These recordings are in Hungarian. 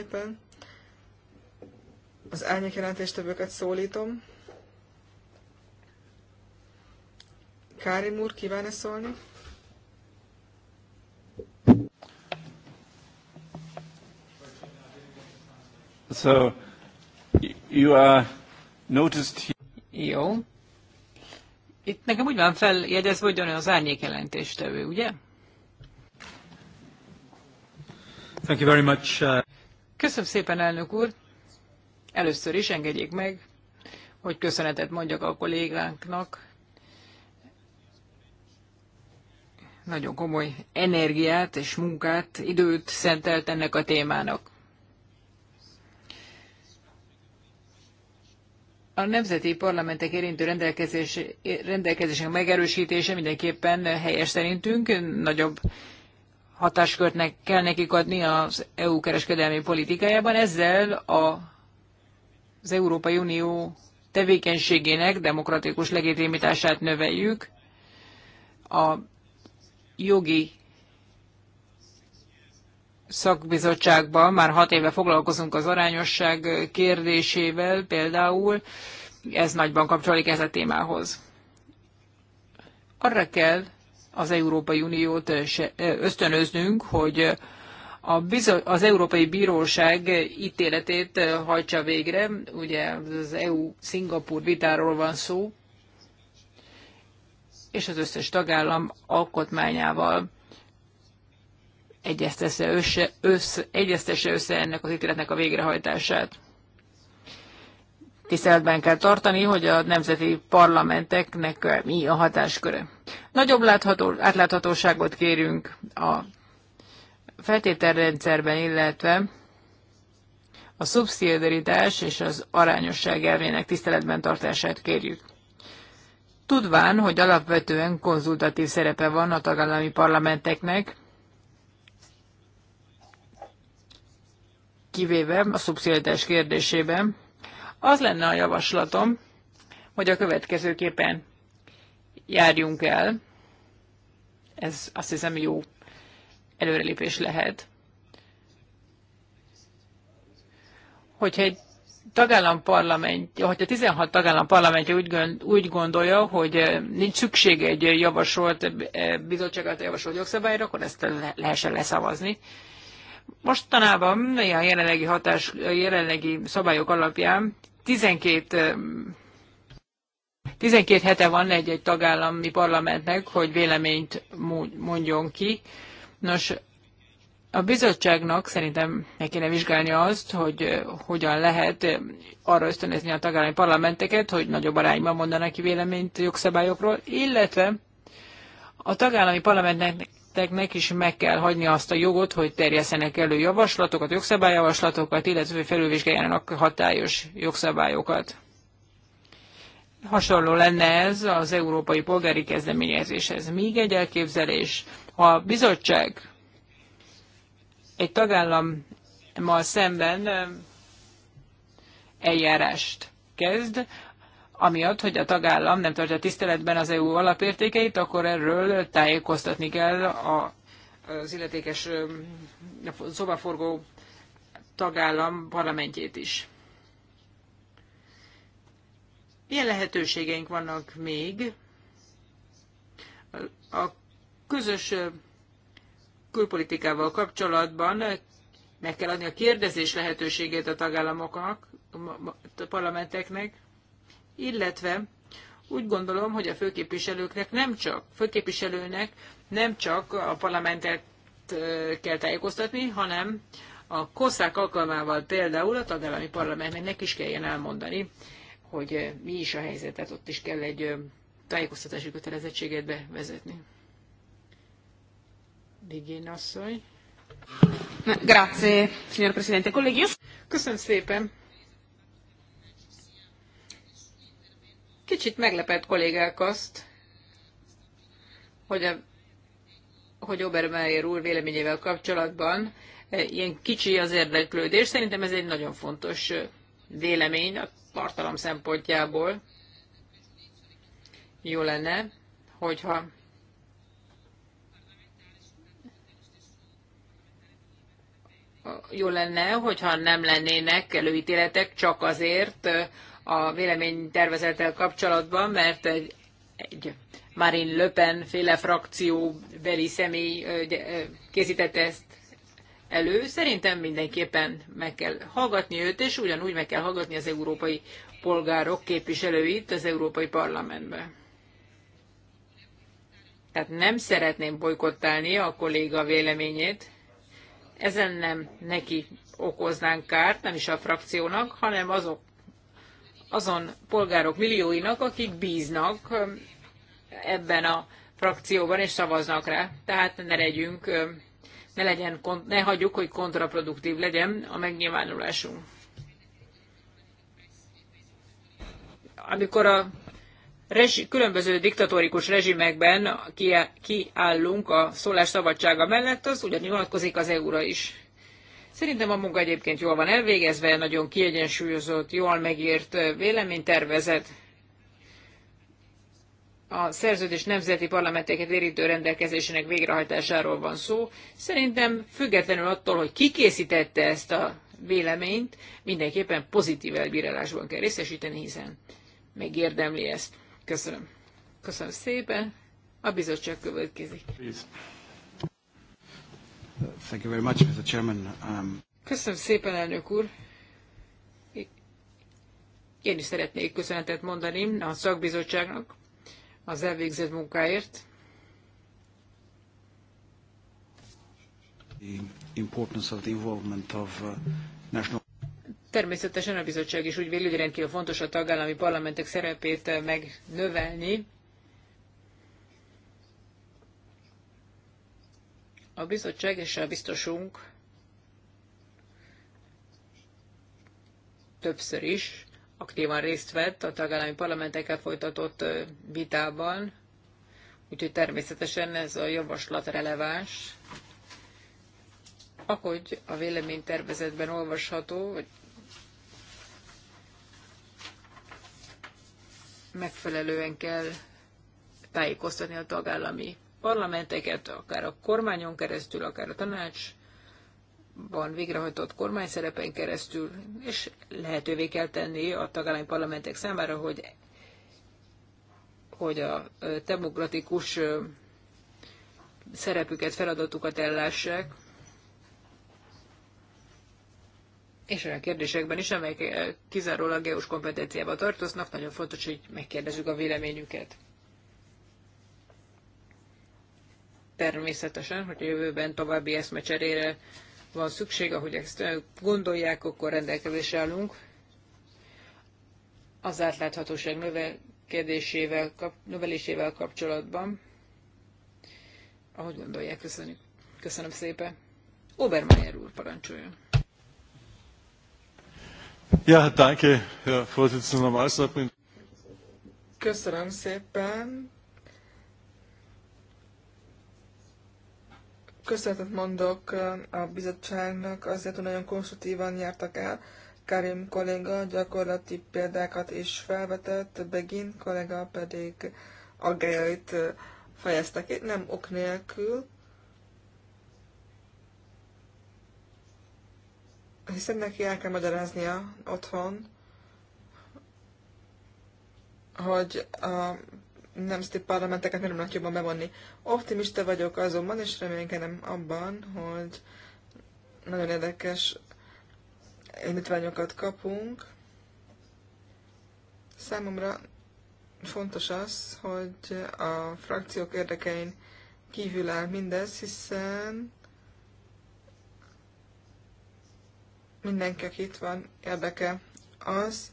szépen. Az árnyék jelentéstevőket szólítom. Kárim úr, kíván-e szólni? So, you are noticed here. Jó. Itt nekem úgy van feljegyezve, hogy az árnyék jelentéstevő, ugye? Thank you very much. Uh, Köszönöm szépen, elnök úr! Először is engedjék meg, hogy köszönetet mondjak a kollégánknak. Nagyon komoly energiát és munkát, időt szentelt ennek a témának. A nemzeti parlamentek érintő rendelkezés, rendelkezések megerősítése mindenképpen helyes szerintünk, nagyobb hatáskörtnek kell nekik adni az EU kereskedelmi politikájában, ezzel a, az Európai Unió tevékenységének demokratikus legitimitását növeljük, a jogi szakbizottságban már hat éve foglalkozunk az arányosság kérdésével például, ez nagyban kapcsolódik ez a témához. Arra kell az Európai Uniót eh, eh, ösztönöznünk, hogy eh, a az Európai Bíróság ítéletét hajtsa végre, ugye az EU-Szingapur vitáról van szó, és az összes tagállam alkotmányával egyeztesse össze, össze, egyeztesse össze ennek az ítéletnek a végrehajtását tiszteletben kell tartani, hogy a nemzeti parlamenteknek mi a hatásköre. Nagyobb látható, átláthatóságot kérünk a feltételrendszerben, illetve a szubszidiaritás és az arányosság elvének tiszteletben tartását kérjük. Tudván, hogy alapvetően konzultatív szerepe van a tagállami parlamenteknek, kivéve a szubszidiaritás kérdésében, az lenne a javaslatom, hogy a következőképpen járjunk el. Ez azt hiszem jó előrelépés lehet. Hogyha egy tagállam parlamentje, hogyha 16 tagállam parlamentje úgy, úgy gondolja, hogy eh, nincs szükség egy javasolt eh, bizottság által javasolt jogszabályra, akkor ezt lehessen leszavazni. Mostanában a jelenlegi, hatás, jelenlegi szabályok alapján 12 12 hete van egy-egy tagállami parlamentnek, hogy véleményt mondjon ki. Nos, a bizottságnak szerintem meg kéne vizsgálni azt, hogy hogyan lehet arra ösztönözni a tagállami parlamenteket, hogy nagyobb arányban mondanak ki véleményt jogszabályokról, illetve a tagállami parlamentnek parlamenteknek is meg kell hagyni azt a jogot, hogy terjesztenek elő javaslatokat, jogszabályjavaslatokat, illetve felülvizsgáljanak hatályos jogszabályokat. Hasonló lenne ez az európai polgári kezdeményezéshez. Még egy elképzelés. Ha a bizottság egy tagállammal szemben eljárást kezd, amiatt, hogy a tagállam nem tartja tiszteletben az EU alapértékeit, akkor erről tájékoztatni kell a, az illetékes szobaforgó tagállam parlamentjét is. Milyen lehetőségeink vannak még a közös külpolitikával kapcsolatban meg kell adni a kérdezés lehetőségét a tagállamoknak, a parlamenteknek illetve úgy gondolom, hogy a főképviselőknek nem csak, főképviselőnek nem csak a parlamentet kell tájékoztatni, hanem a kosszák alkalmával például a tagállami parlamentnek is kelljen elmondani, hogy mi is a helyzet, tehát ott is kell egy tájékoztatási kötelezettséget bevezetni. Digén asszony. Grazie, signor Presidente. colleghi. Köszönöm szépen. Kicsit meglepett kollégák azt, hogy, a, hogy Obermeyer úr véleményével kapcsolatban e, ilyen kicsi az érdeklődés. Szerintem ez egy nagyon fontos e, vélemény a tartalom szempontjából. Jó lenne, hogyha jó lenne, hogyha nem lennének előítéletek csak azért, e, a véleménytervezettel kapcsolatban, mert egy, egy Marine Le Pen féle beli személy készítette ezt elő. Szerintem mindenképpen meg kell hallgatni őt, és ugyanúgy meg kell hallgatni az európai polgárok képviselőit az Európai Parlamentben. Tehát nem szeretném bolykottálni a kolléga véleményét, ezen nem neki okoznánk kárt, nem is a frakciónak, hanem azok azon polgárok millióinak, akik bíznak ebben a frakcióban és szavaznak rá. Tehát ne legyünk, ne, legyen, ne hagyjuk, hogy kontraproduktív legyen a megnyilvánulásunk. Amikor a rezsi, különböző diktatórikus rezsimekben kiállunk a szólásszabadsága mellett, az ugyanilyen vonatkozik az EU-ra is. Szerintem a munka egyébként jól van elvégezve, nagyon kiegyensúlyozott, jól megírt véleménytervezet. A szerződés nemzeti parlamenteket érintő rendelkezésének végrehajtásáról van szó. Szerintem függetlenül attól, hogy ki készítette ezt a véleményt, mindenképpen pozitív elbírálásban kell részesíteni, hiszen megérdemli ezt. Köszönöm. Köszönöm szépen. A bizottság következik. Please. Thank you very much, Mr. Chairman. Um... Köszönöm szépen, elnök úr. Én is szeretnék köszönetet mondani a szakbizottságnak az elvégzett munkáért. The importance of the involvement of uh, national... Természetesen a bizottság is úgy véli, hogy rendkívül fontos a tagállami parlamentek szerepét uh, megnövelni A bizottság és a biztosunk többször is aktívan részt vett a tagállami parlamentekkel folytatott vitában, úgyhogy természetesen ez a javaslat releváns. Ahogy a véleménytervezetben olvasható, hogy megfelelően kell tájékoztatni a tagállami parlamenteket, akár a kormányon keresztül, akár a tanácsban végrehajtott kormány szerepen keresztül, és lehetővé kell tenni a tagállami parlamentek számára, hogy, hogy a demokratikus szerepüket, feladatukat ellássák, és olyan kérdésekben is, amelyek kizárólag EU-s kompetenciába tartoznak, nagyon fontos, hogy megkérdezzük a véleményüket. természetesen, hogy a jövőben további eszmecserére van szükség, ahogy ezt gondolják, akkor rendelkezésre állunk. Az átláthatóság növekedésével, kap, növelésével kapcsolatban, ahogy gondolják, köszönjük. Köszönöm szépen. Obermeier úr parancsoljon. Ja, danke, Herr Vorsitzender Köszönöm szépen, köszönetet mondok a bizottságnak, azért, hogy nagyon konstruktívan jártak el. Karim kolléga gyakorlati példákat is felvetett, Begin kolléga pedig aggájait fejezte ki, nem ok nélkül. Hiszen neki el kell magyaráznia otthon, hogy a nemzeti parlamenteket nem lehet jobban bevonni. Optimista vagyok azonban, és reménykedem abban, hogy nagyon érdekes indítványokat kapunk. Számomra fontos az, hogy a frakciók érdekein kívül áll mindez, hiszen mindenki, itt van, érdeke az,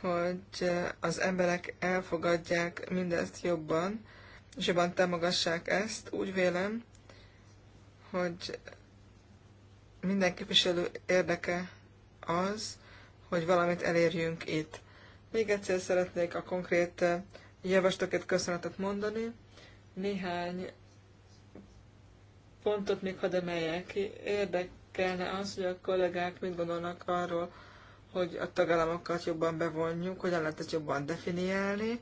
hogy az emberek elfogadják mindezt jobban, és jobban támogassák ezt. Úgy vélem, hogy minden képviselő érdeke az, hogy valamit elérjünk itt. Még egyszer szeretnék a konkrét javaslatokat köszönetet mondani. Néhány pontot még hadd emeljek ki. Érdekelne az, hogy a kollégák mit gondolnak arról, hogy a tagállamokat jobban bevonjuk, hogyan lehet ezt jobban definiálni.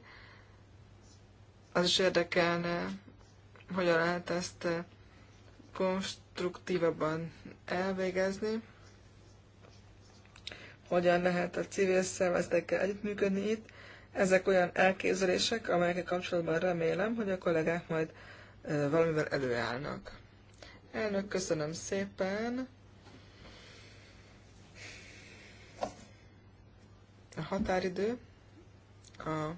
Az is érdekelne, hogyan lehet ezt konstruktívabban elvégezni, hogyan lehet a civil szervezetekkel együttműködni itt. Ezek olyan elképzelések, amelyekkel kapcsolatban remélem, hogy a kollégák majd valamivel előállnak. Elnök, köszönöm szépen! a határidő a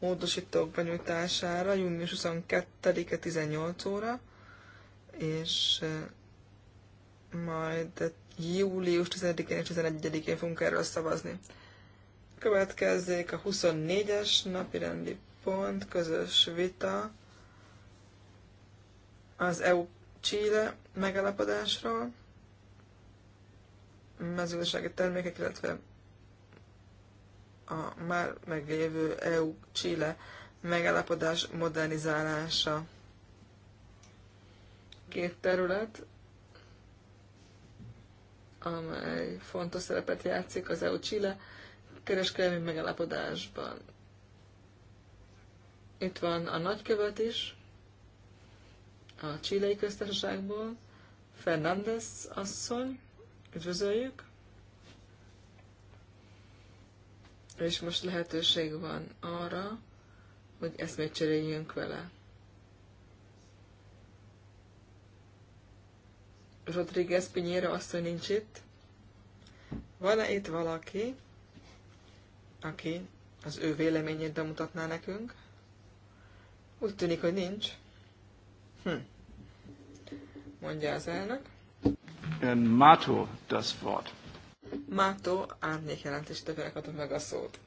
módosítók benyújtására június 22-e 18 óra, és majd július 10-én és 11-én fogunk erről szavazni. Következzék a 24-es napi rendi pont, közös vita az EU-Chile megalapodásról, mezőgazdasági termékek, illetve a már meglévő EU-Chile megállapodás modernizálása. Két terület, amely fontos szerepet játszik az EU-Chile kereskedelmi megállapodásban. Itt van a nagykövet is, a csilei köztársaságból, Fernández asszony, üdvözöljük. és most lehetőség van arra, hogy eszmét cseréljünk vele. Rodriguez azt, hogy nincs itt. Van-e itt valaki, aki az ő véleményét bemutatná nekünk? Úgy tűnik, hogy nincs. Hm. Mondja az elnök. Mato das Wort. Mátó árnyék jelentést adom meg a szót.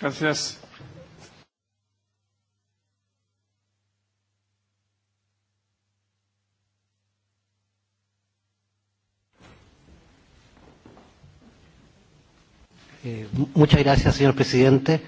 Gracias. Eh, muchas gracias, señor presidente.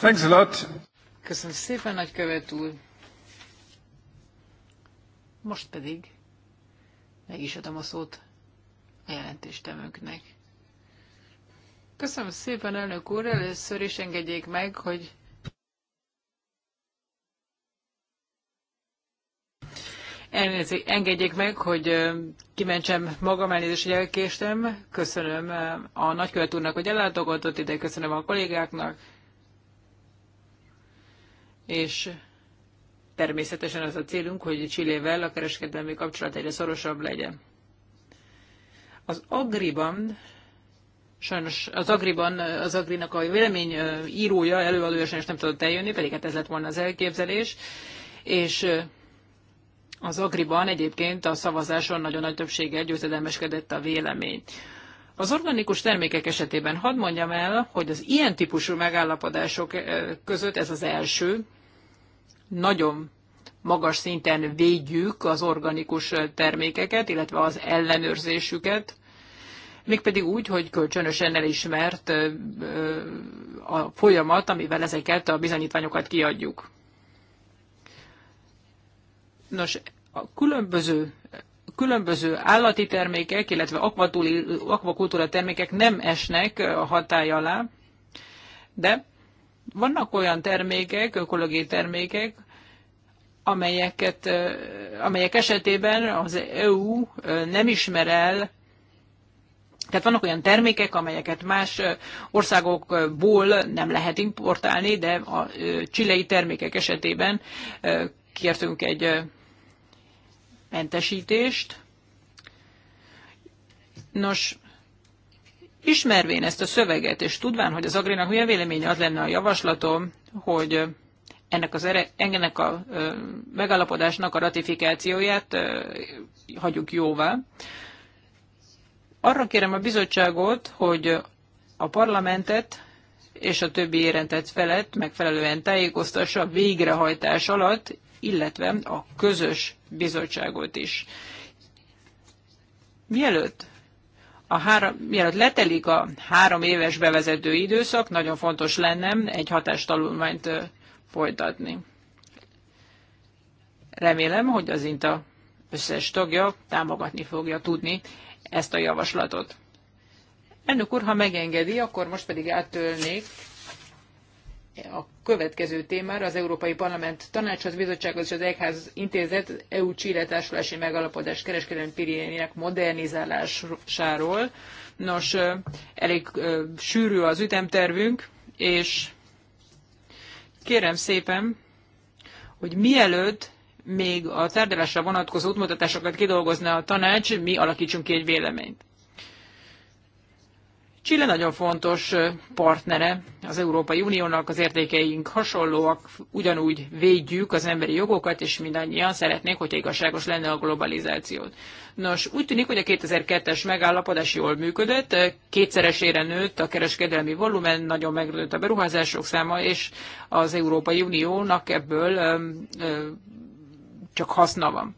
Köszönöm szépen, nagykövet úr. Most pedig meg is adom a szót a jelentéstevőnknek. Köszönöm szépen, elnök úr, először is engedjék meg, hogy Engedjék meg, hogy kimentsem magam, elnézést, hogy elkéstem. Köszönöm a nagykövet úrnak, hogy ellátogatott ide, köszönöm a kollégáknak, és természetesen az a célunk, hogy Csillével a kereskedelmi kapcsolat egyre szorosabb legyen. Az Agriban sajnos az Agriban, az Agrinak a vélemény írója, előadója sajnos nem tudott eljönni, pedig hát ez lett volna az elképzelés, és az Agriban egyébként a szavazáson nagyon nagy többséggel győzedelmeskedett a vélemény. Az organikus termékek esetében hadd mondjam el, hogy az ilyen típusú megállapodások között ez az első, nagyon magas szinten védjük az organikus termékeket, illetve az ellenőrzésüket, mégpedig úgy, hogy kölcsönösen elismert a folyamat, amivel ezeket a bizonyítványokat kiadjuk. Nos, a különböző különböző állati termékek, illetve akvakultúra termékek nem esnek a hatály alá, de vannak olyan termékek, ökológiai termékek, amelyeket, amelyek esetében az EU nem ismer el, tehát vannak olyan termékek, amelyeket más országokból nem lehet importálni, de a csilei termékek esetében kértünk egy mentesítést. Nos, Ismervén ezt a szöveget, és tudván, hogy az Agrinak milyen véleménye, az lenne a javaslatom, hogy ennek, az ere, ennek a ö, megállapodásnak a ratifikációját ö, hagyjuk jóvá. Arra kérem a bizottságot, hogy a parlamentet és a többi érintett felett megfelelően tájékoztassa a végrehajtás alatt, illetve a közös bizottságot is. Mielőtt a három, mielőtt letelik a három éves bevezető időszak, nagyon fontos lenne egy hatástalulmányt folytatni. Remélem, hogy az INTA összes tagja támogatni fogja tudni ezt a javaslatot. Ennök úr, ha megengedi, akkor most pedig áttölnék a következő témára, az Európai Parlament Tanácshoz, Bizottsághoz és az Egyház Intézet EU Chile társulási megalapodás kereskedelmi pirinének modernizálásáról. Nos, elég sűrű az ütemtervünk, és kérem szépen, hogy mielőtt még a tárgyalásra vonatkozó útmutatásokat kidolgozna a tanács, mi alakítsunk ki egy véleményt. Chile nagyon fontos partnere az Európai Uniónak, az értékeink hasonlóak, ugyanúgy védjük az emberi jogokat, és mindannyian szeretnénk, hogy igazságos lenne a globalizációt. Nos, úgy tűnik, hogy a 2002-es megállapodás jól működött, kétszeresére nőtt a kereskedelmi volumen, nagyon megnőtt a beruházások száma, és az Európai Uniónak ebből csak haszna van.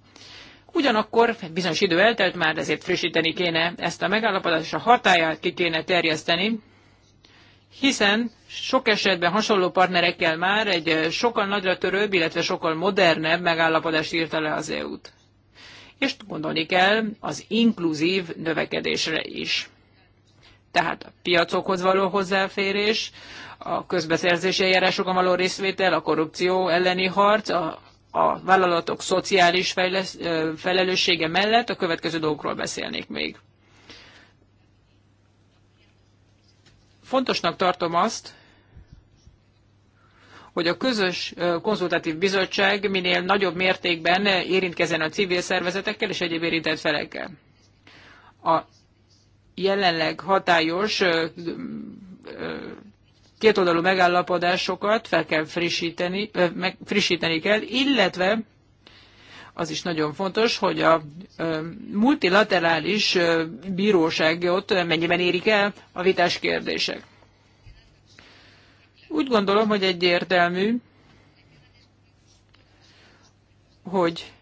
Ugyanakkor bizonyos idő eltelt már, ezért frissíteni kéne ezt a megállapodást, és a hatáját ki kéne terjeszteni, hiszen sok esetben hasonló partnerekkel már egy eh, sokkal nagyra törőbb, illetve sokkal modernebb megállapodást írta le az EU-t. És gondolni kell az inkluzív növekedésre is. Tehát a piacokhoz való hozzáférés, a közbeszerzési eljárásokon való részvétel, a korrupció elleni harc, a a vállalatok szociális fejlesz, felelőssége mellett a következő dolgokról beszélnék még. Fontosnak tartom azt, hogy a közös konzultatív bizottság minél nagyobb mértékben érintkezzen a civil szervezetekkel és egyéb érintett felekkel. A jelenleg hatályos kétoldalú megállapodásokat fel kell frissíteni, meg frissíteni kell, illetve az is nagyon fontos, hogy a multilaterális bíróságot mennyiben érik el a vitás kérdések. Úgy gondolom, hogy egyértelmű, hogy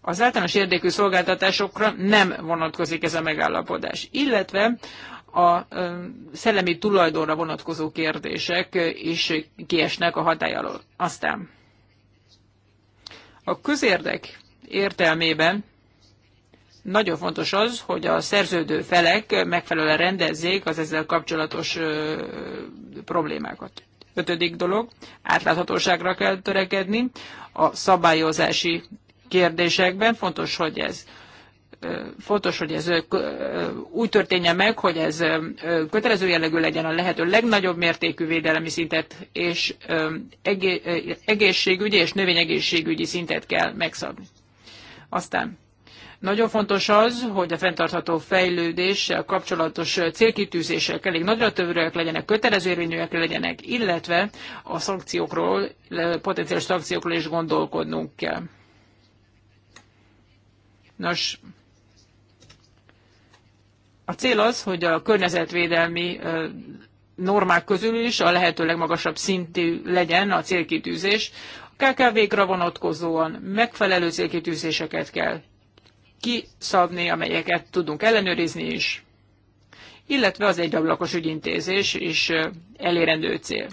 az általános érdekű szolgáltatásokra nem vonatkozik ez a megállapodás. Illetve a szellemi tulajdonra vonatkozó kérdések is kiesnek a hatály alól. Aztán a közérdek értelmében nagyon fontos az, hogy a szerződő felek megfelelően rendezzék az ezzel kapcsolatos problémákat. Ötödik dolog, átláthatóságra kell törekedni a szabályozási kérdésekben. Fontos, hogy ez fontos, hogy ez úgy történje meg, hogy ez kötelező jellegű legyen a lehető legnagyobb mértékű védelmi szintet, és egészségügyi és növényegészségügyi szintet kell megszabni. Aztán nagyon fontos az, hogy a fenntartható fejlődéssel kapcsolatos célkitűzések elég nagyra tövőek legyenek, kötelező érvényűek legyenek, illetve a szankciókról, potenciális szankciókról is gondolkodnunk kell. Nos, a cél az, hogy a környezetvédelmi normák közül is a lehető legmagasabb szintű legyen a célkitűzés. A KKV-kra vonatkozóan megfelelő célkitűzéseket kell kiszabni, amelyeket tudunk ellenőrizni is, illetve az egyablakos ügyintézés is elérendő cél.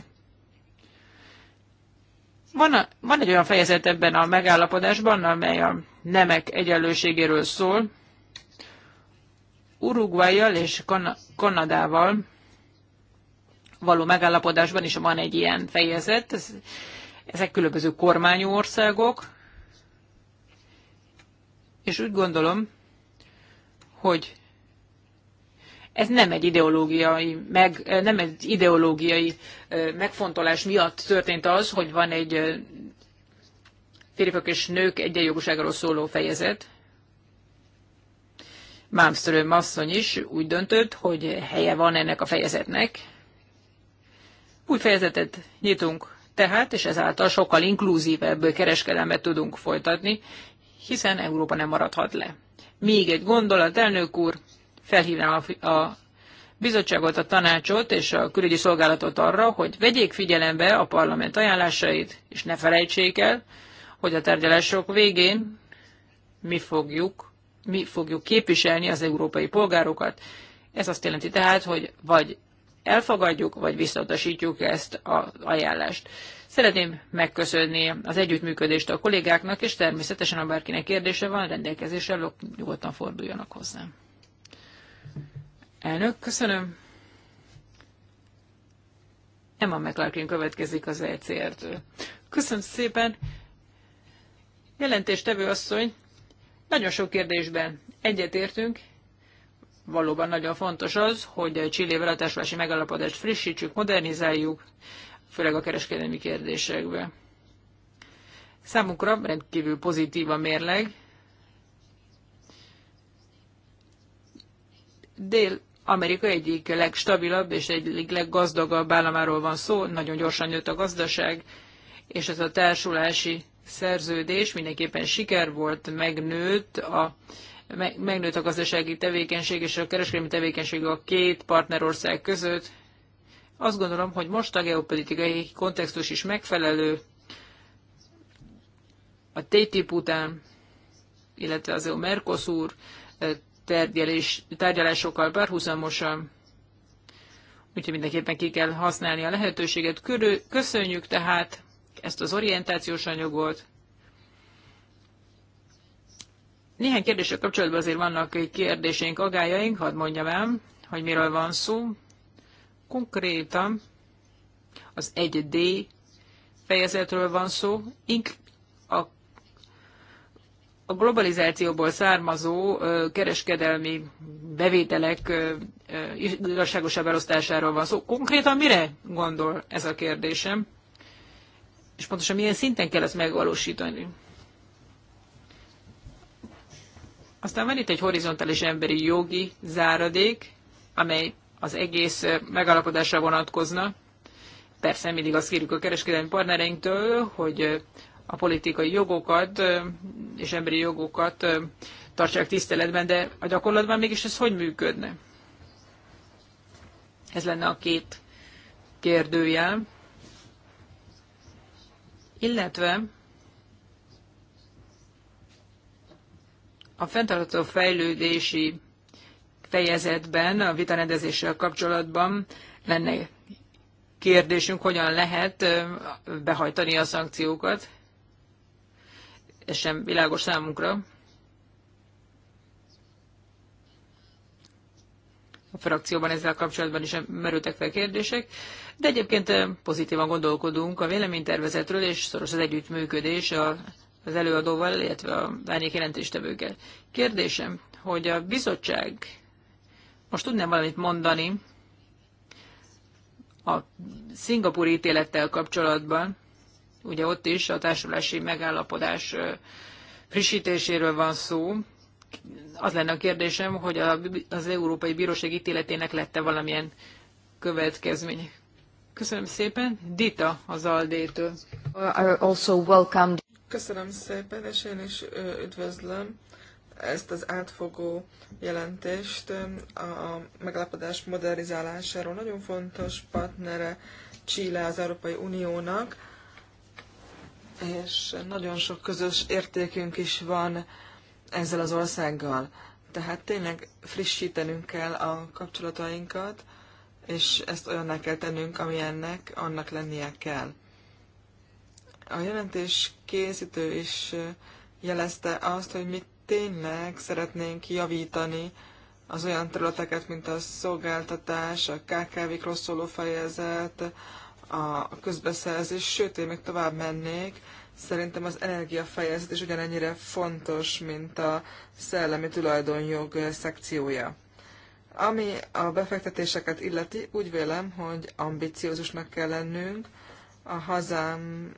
Van, a, van egy olyan fejezet ebben a megállapodásban, amely a nemek egyenlőségéről szól. Uruguayjal és kan- Kanadával való megállapodásban is van egy ilyen fejezet. Ez, ezek különböző kormányú országok, és úgy gondolom, hogy ez nem egy ideológiai, meg, nem egy ideológiai megfontolás miatt történt az, hogy van egy férfiak és nők egyenjogúságról szóló fejezet. Malmström asszony is úgy döntött, hogy helye van ennek a fejezetnek. Új fejezetet nyitunk tehát, és ezáltal sokkal inkluzívebb kereskedelmet tudunk folytatni, hiszen Európa nem maradhat le. Még egy gondolat, elnök úr, felhívnám a, a bizottságot, a tanácsot és a külügyi szolgálatot arra, hogy vegyék figyelembe a parlament ajánlásait, és ne felejtsék el, hogy a tárgyalások végén mi fogjuk mi fogjuk képviselni az európai polgárokat. Ez azt jelenti tehát, hogy vagy elfogadjuk, vagy visszautasítjuk ezt az ajánlást. Szeretném megköszönni az együttműködést a kollégáknak, és természetesen, ha bárkinek kérdése van, rendelkezésre állok, nyugodtan forduljanak hozzám. Elnök, köszönöm. Emma McLarkin következik az ECR-től. Köszönöm szépen. Jelentéstevő asszony, nagyon sok kérdésben egyetértünk, valóban nagyon fontos az, hogy Csillével a társulási megállapodást frissítsük, modernizáljuk, főleg a kereskedelmi kérdésekben. Számunkra rendkívül pozitív a mérleg. Dél-Amerika egyik legstabilabb és egyik leggazdagabb államáról van szó, nagyon gyorsan nőtt a gazdaság, és ez a társulási szerződés mindenképpen siker volt, megnőtt a, megnőtt a gazdasági tevékenység és a kereskedelmi tevékenység a két partnerország között. Azt gondolom, hogy most a geopolitikai kontextus is megfelelő. A TTIP után, illetve az EU Mercosur eh, tárgyalásokkal párhuzamosan, úgyhogy mindenképpen ki kell használni a lehetőséget. Körül, köszönjük tehát ezt az orientációs anyagot. Néhány kérdéssel kapcsolatban azért vannak kérdésénk, agályaink, hadd mondjam el, hogy miről van szó. Konkrétan az 1D fejezetről van szó, a, a globalizációból származó kereskedelmi bevételek igazságosabb elosztásáról van szó. Konkrétan mire gondol ez a kérdésem? és pontosan milyen szinten kell ezt megvalósítani. Aztán van itt egy horizontális emberi jogi záradék, amely az egész megalapodásra vonatkozna. Persze mindig azt kérjük a kereskedelmi partnereinktől, hogy a politikai jogokat és emberi jogokat tartsák tiszteletben, de a gyakorlatban mégis ez hogy működne? Ez lenne a két kérdőjel illetve a fenntartható fejlődési fejezetben, a vitarendezéssel kapcsolatban lenne kérdésünk, hogyan lehet behajtani a szankciókat. Ez sem világos számunkra. A frakcióban ezzel kapcsolatban is merültek fel kérdések. De egyébként pozitívan gondolkodunk a véleménytervezetről, és szoros az együttműködés a, az előadóval, illetve a várnék jelentéstevőkkel. Kérdésem, hogy a bizottság most tudná valamit mondani a szingapúri ítélettel kapcsolatban, ugye ott is a társulási megállapodás frissítéséről van szó. Az lenne a kérdésem, hogy az Európai Bíróság ítéletének lett-e valamilyen következmény. Köszönöm szépen. Dita az Aldétől. also welcomed. Köszönöm szépen, és én is üdvözlöm ezt az átfogó jelentést a megállapodás modernizálásáról. Nagyon fontos partnere Chile az Európai Uniónak, és nagyon sok közös értékünk is van ezzel az országgal. Tehát tényleg frissítenünk kell a kapcsolatainkat, és ezt olyanná kell tennünk, ennek annak lennie kell. A jelentés készítő is jelezte azt, hogy mi tényleg szeretnénk javítani az olyan területeket, mint a szolgáltatás, a KKV-król szóló fejezet, a közbeszerzés, sőt, én még tovább mennék, szerintem az energiafejezet is ugyanennyire fontos, mint a szellemi tulajdonjog szekciója. Ami a befektetéseket illeti, úgy vélem, hogy ambiciózusnak kell lennünk. A hazám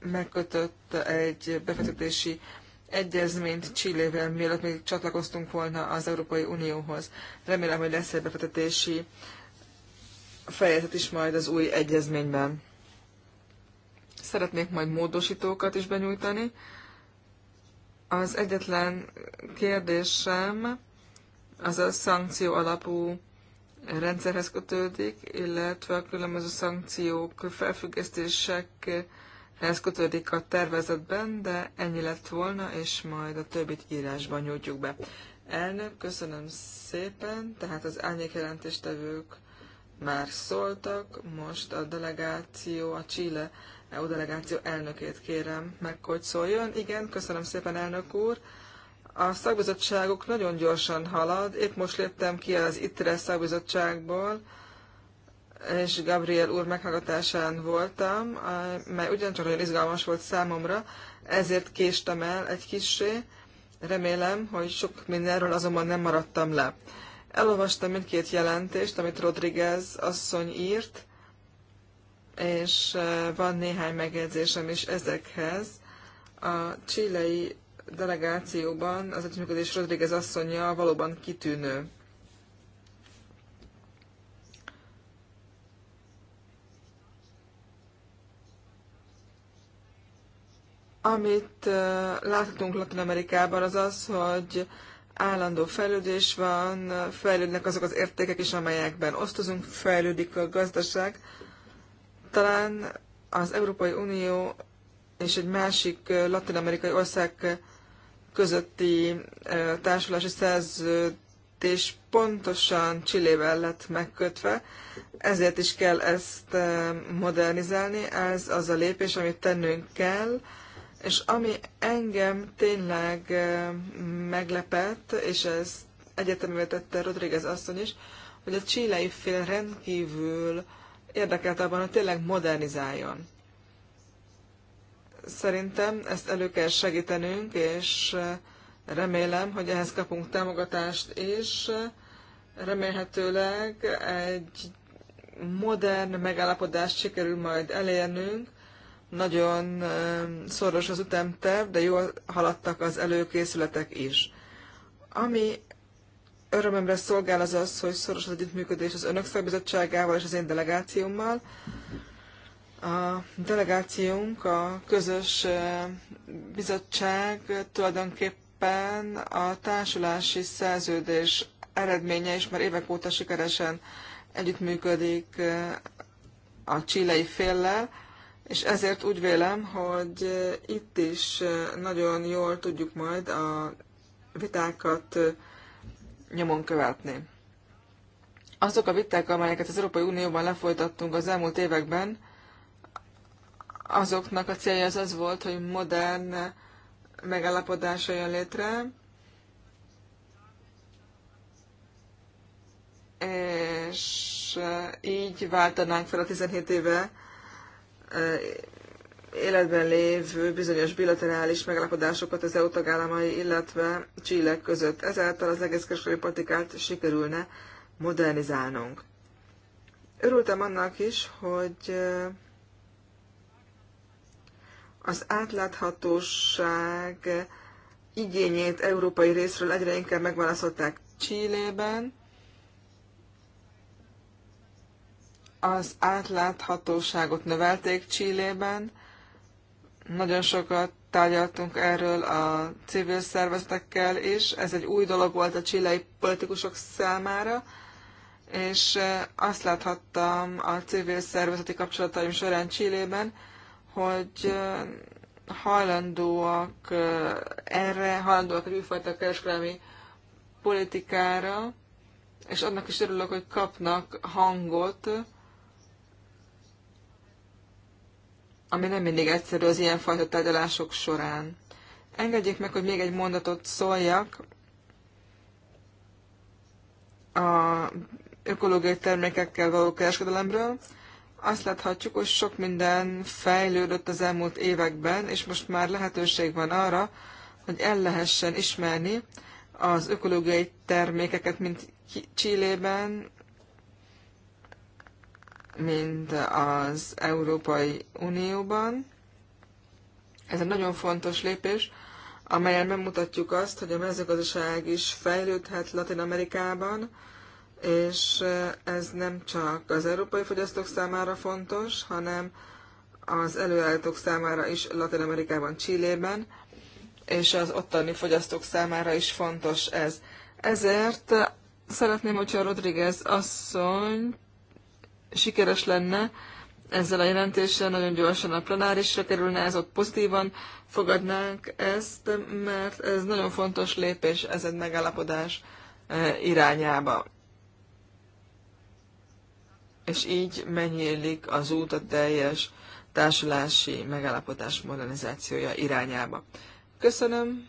megkötött egy befektetési egyezményt Csillével, mielőtt még csatlakoztunk volna az Európai Unióhoz. Remélem, hogy lesz egy befektetési fejezet is majd az új egyezményben. Szeretnék majd módosítókat is benyújtani. Az egyetlen kérdésem az a szankció alapú rendszerhez kötődik, illetve a különböző szankciók felfüggesztésekhez kötődik a tervezetben, de ennyi lett volna, és majd a többit írásban nyújtjuk be. Elnök, köszönöm szépen, tehát az jelentéstevők már szóltak, most a delegáció, a Chile EU delegáció elnökét kérem meg, hogy szóljon. Igen, köszönöm szépen, elnök úr a szakbizottságok nagyon gyorsan halad. Épp most léptem ki az ITRE szakbizottságból, és Gabriel úr meghallgatásán voltam, mely ugyancsak nagyon izgalmas volt számomra, ezért késtem el egy kissé. Remélem, hogy sok mindenről azonban nem maradtam le. Elolvastam mindkét jelentést, amit Rodriguez asszony írt, és eh, van néhány megjegyzésem is ezekhez. A csilei delegációban az együttműködés Rodriguez asszonya valóban kitűnő. Amit láthatunk Latin Amerikában az az, hogy állandó fejlődés van, fejlődnek azok az értékek is, amelyekben osztozunk, fejlődik a gazdaság. Talán az Európai Unió és egy másik latin-amerikai ország közötti társulási szerződés pontosan Csillével lett megkötve, ezért is kell ezt modernizálni, ez az a lépés, amit tennünk kell, és ami engem tényleg meglepett, és ez egyetemével tette Rodríguez asszony is, hogy a csilei fél rendkívül érdekelt abban, hogy tényleg modernizáljon. Szerintem ezt elő kell segítenünk, és eh, remélem, hogy ehhez kapunk támogatást, és eh, remélhetőleg egy modern megállapodást sikerül majd elérnünk. Nagyon eh, szoros az ütemterv, de jól haladtak az előkészületek is. Ami örömömre szolgál az az, hogy szoros az együttműködés az önök szakbizottságával és az én delegációmmal. A delegációnk, a közös bizottság tulajdonképpen a társulási szerződés eredménye is már évek óta sikeresen együttműködik a csilei féllel, és ezért úgy vélem, hogy itt is nagyon jól tudjuk majd a vitákat nyomon követni. Azok a viták, amelyeket az Európai Unióban lefolytattunk az elmúlt években, azoknak a célja az az volt, hogy modern megállapodása jön létre, és eh, így váltanánk fel a 17 éve eh, életben lévő bizonyos bilaterális megállapodásokat az EU tagállamai, illetve Chile között. Ezáltal az egész kereskedelmi politikát sikerülne modernizálnunk. Örültem annak is, hogy eh, az átláthatóság igényét európai részről egyre inkább megválaszolták Csillében. Az átláthatóságot növelték Csillében. Nagyon sokat tárgyaltunk erről a civil szervezetekkel is. Ez egy új dolog volt a csillai politikusok számára, és eh, azt láthattam a civil szervezeti kapcsolataim során Csillében, hogy hajlandóak erre, hajlandóak egy újfajta kereskedelmi politikára, és annak is örülök, hogy kapnak hangot, ami nem mindig egyszerű az ilyenfajta tárgyalások során. Engedjék meg, hogy még egy mondatot szóljak a ökológiai termékekkel való kereskedelemről azt láthatjuk, hogy sok minden fejlődött az elmúlt években, és most már lehetőség van arra, hogy el lehessen ismerni az ökológiai termékeket, mint Csillében, mint az Európai Unióban. Ez egy nagyon fontos lépés, amelyen megmutatjuk azt, hogy a mezőgazdaság is fejlődhet Latin Amerikában, és eh, ez nem csak az európai fogyasztók számára fontos, hanem az előállítók számára is Latin Amerikában, Csillében, és az ottani fogyasztók számára is fontos ez. Ezért eh, szeretném, hogyha Rodriguez asszony sikeres lenne ezzel a jelentéssel, nagyon gyorsan a plenárisra kerülne, ez ott pozitívan fogadnánk ezt, mert ez nagyon fontos lépés, ez egy megállapodás eh, irányába és így megnyílik az út a teljes társulási megállapodás modernizációja irányába. Köszönöm,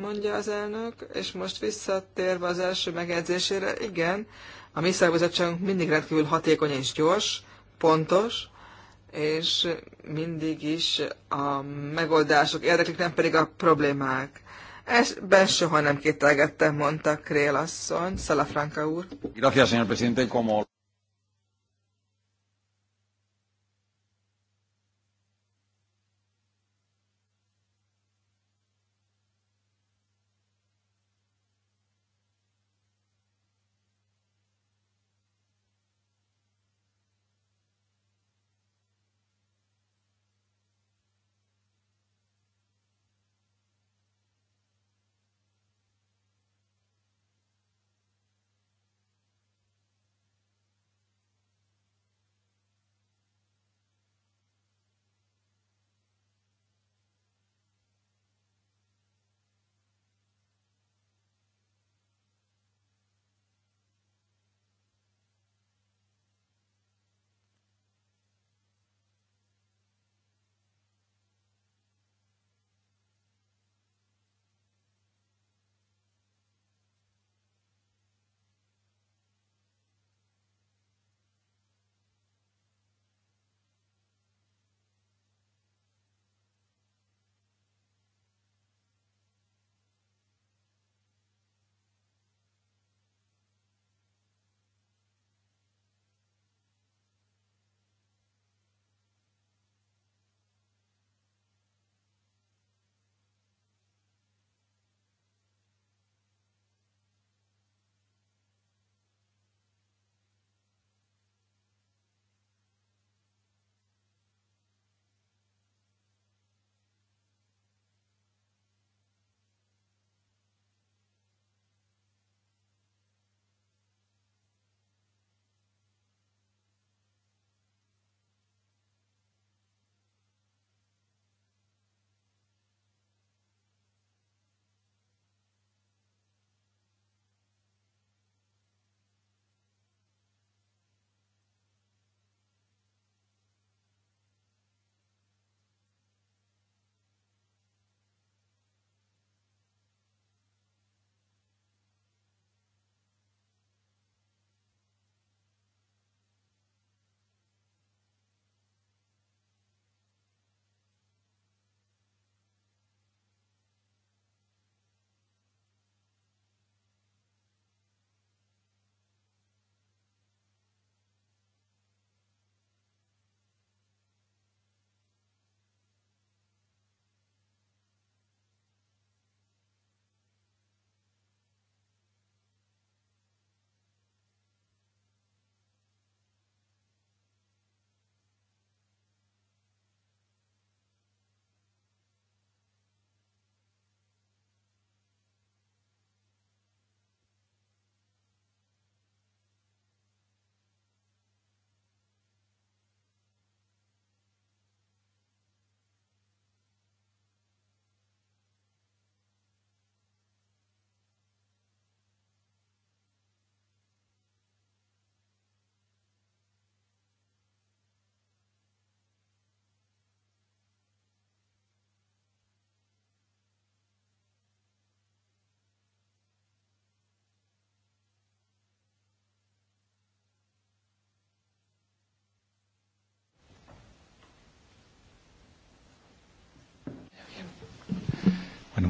mondja az elnök, és most visszatérve az első megjegyzésére, igen, a mi szervezetünk mindig rendkívül hatékony és gyors, pontos, és mindig is a megoldások érdeklik, nem pedig a problémák. Ebben soha nem kételgettem, mondta Krélasszony, Szalafranka úr. Gracias, señor presidente, como...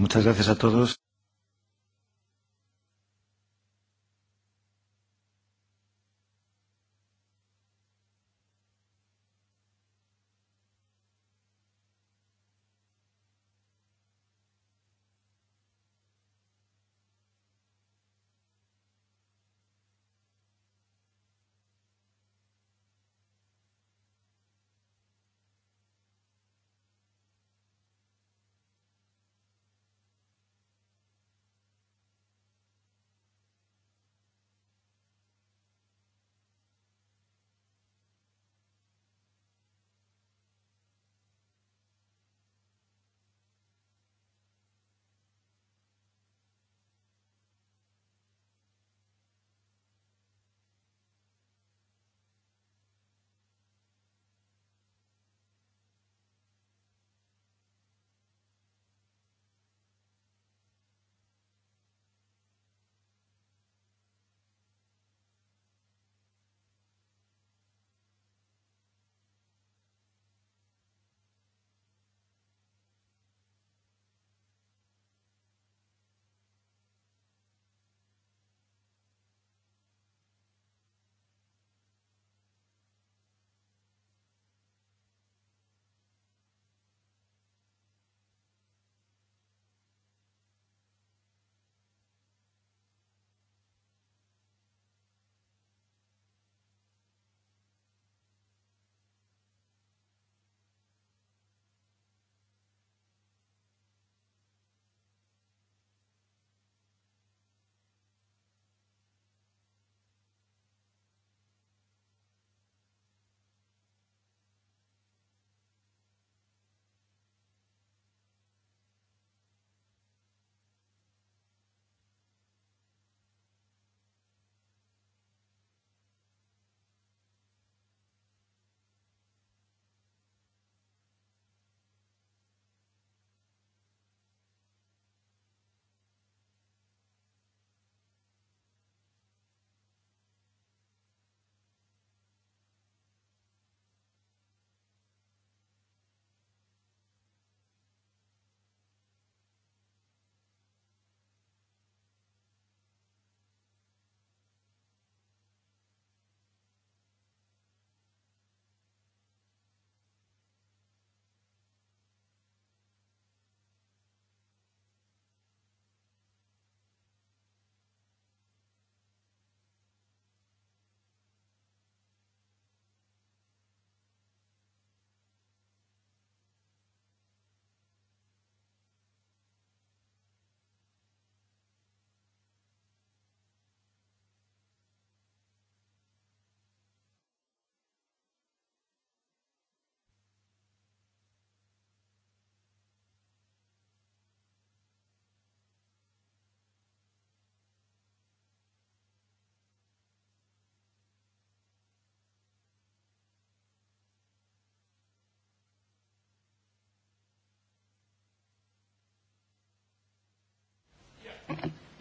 Muchas gracias a todos.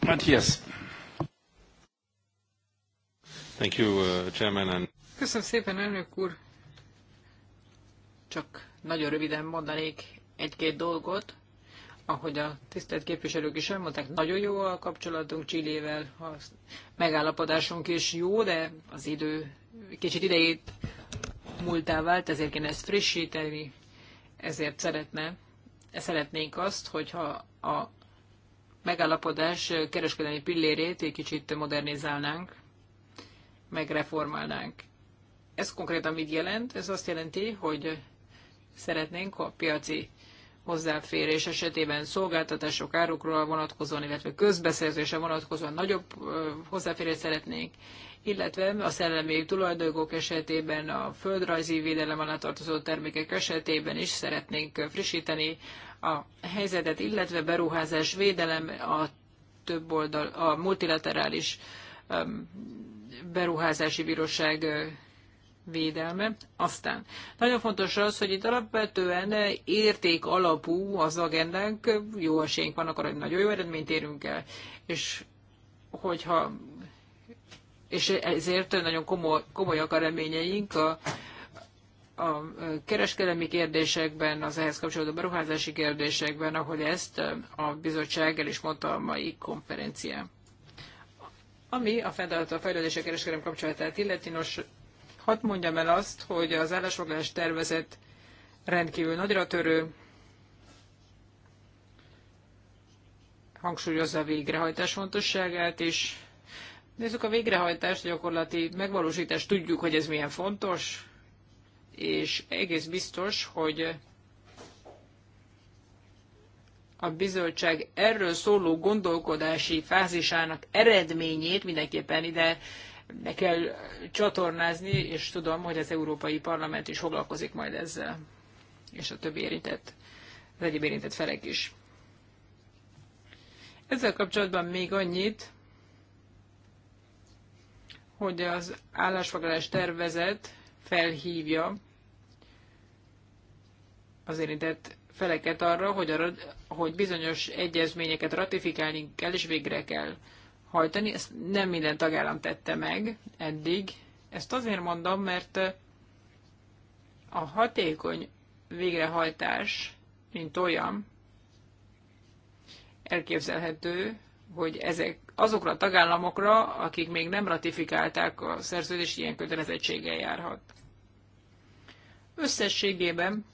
Matthias. Thank you, uh, Chairman. And... Köszönöm szépen, elnök úr. Csak nagyon röviden mondanék egy-két dolgot. Ahogy a tisztelt képviselők is elmondták, nagyon jó a kapcsolatunk Csillével, a megállapodásunk is jó, de az idő kicsit idejét múltá vált, ezért kéne ezt frissíteni, ezért szeretne, szeretnénk azt, hogyha a megállapodás kereskedelmi pillérét egy kicsit modernizálnánk, megreformálnánk. Ez konkrétan mit jelent? Ez azt jelenti, hogy szeretnénk a piaci hozzáférés esetében szolgáltatások árukról vonatkozóan, illetve közbeszerzésre vonatkozóan nagyobb hozzáférést szeretnénk, illetve a szellemi tulajdonok esetében, a földrajzi védelem alá tartozó termékek esetében is szeretnénk frissíteni a helyzetet, illetve beruházás védelem a több oldal, a multilaterális um, beruházási bíróság védelme. Aztán nagyon fontos az, hogy itt alapvetően érték alapú az agendánk, jó esélyünk van, akkor nagyon jó eredményt érünk el, és hogyha és ezért nagyon komoly, komolyak a reményeink a a kereskedelmi kérdésekben, az ehhez kapcsolódó beruházási kérdésekben, ahogy ezt a bizottság el is mondta a mai konferencián. Ami a fenntartható fejlődés a kereskedelem kapcsolatát illeti, nos, hadd mondjam el azt, hogy az állásfoglalás tervezet rendkívül nagyra törő, hangsúlyozza a végrehajtás fontosságát, is. nézzük a végrehajtást, a gyakorlati megvalósítást, tudjuk, hogy ez milyen fontos, és egész biztos, hogy a bizottság erről szóló gondolkodási fázisának eredményét mindenképpen ide ne kell csatornázni, és tudom, hogy az Európai Parlament is foglalkozik majd ezzel, és a többi érintett, az egyéb érintett felek is. Ezzel kapcsolatban még annyit, hogy az állásfoglalás tervezet felhívja az érintett feleket arra, hogy, a, hogy bizonyos egyezményeket ratifikálni kell és végre kell hajtani. Ezt nem minden tagállam tette meg eddig. Ezt azért mondom, mert a hatékony végrehajtás, mint olyan, elképzelhető, hogy ezek azokra a tagállamokra, akik még nem ratifikálták a szerződést, ilyen kötelezettséggel járhat. Összességében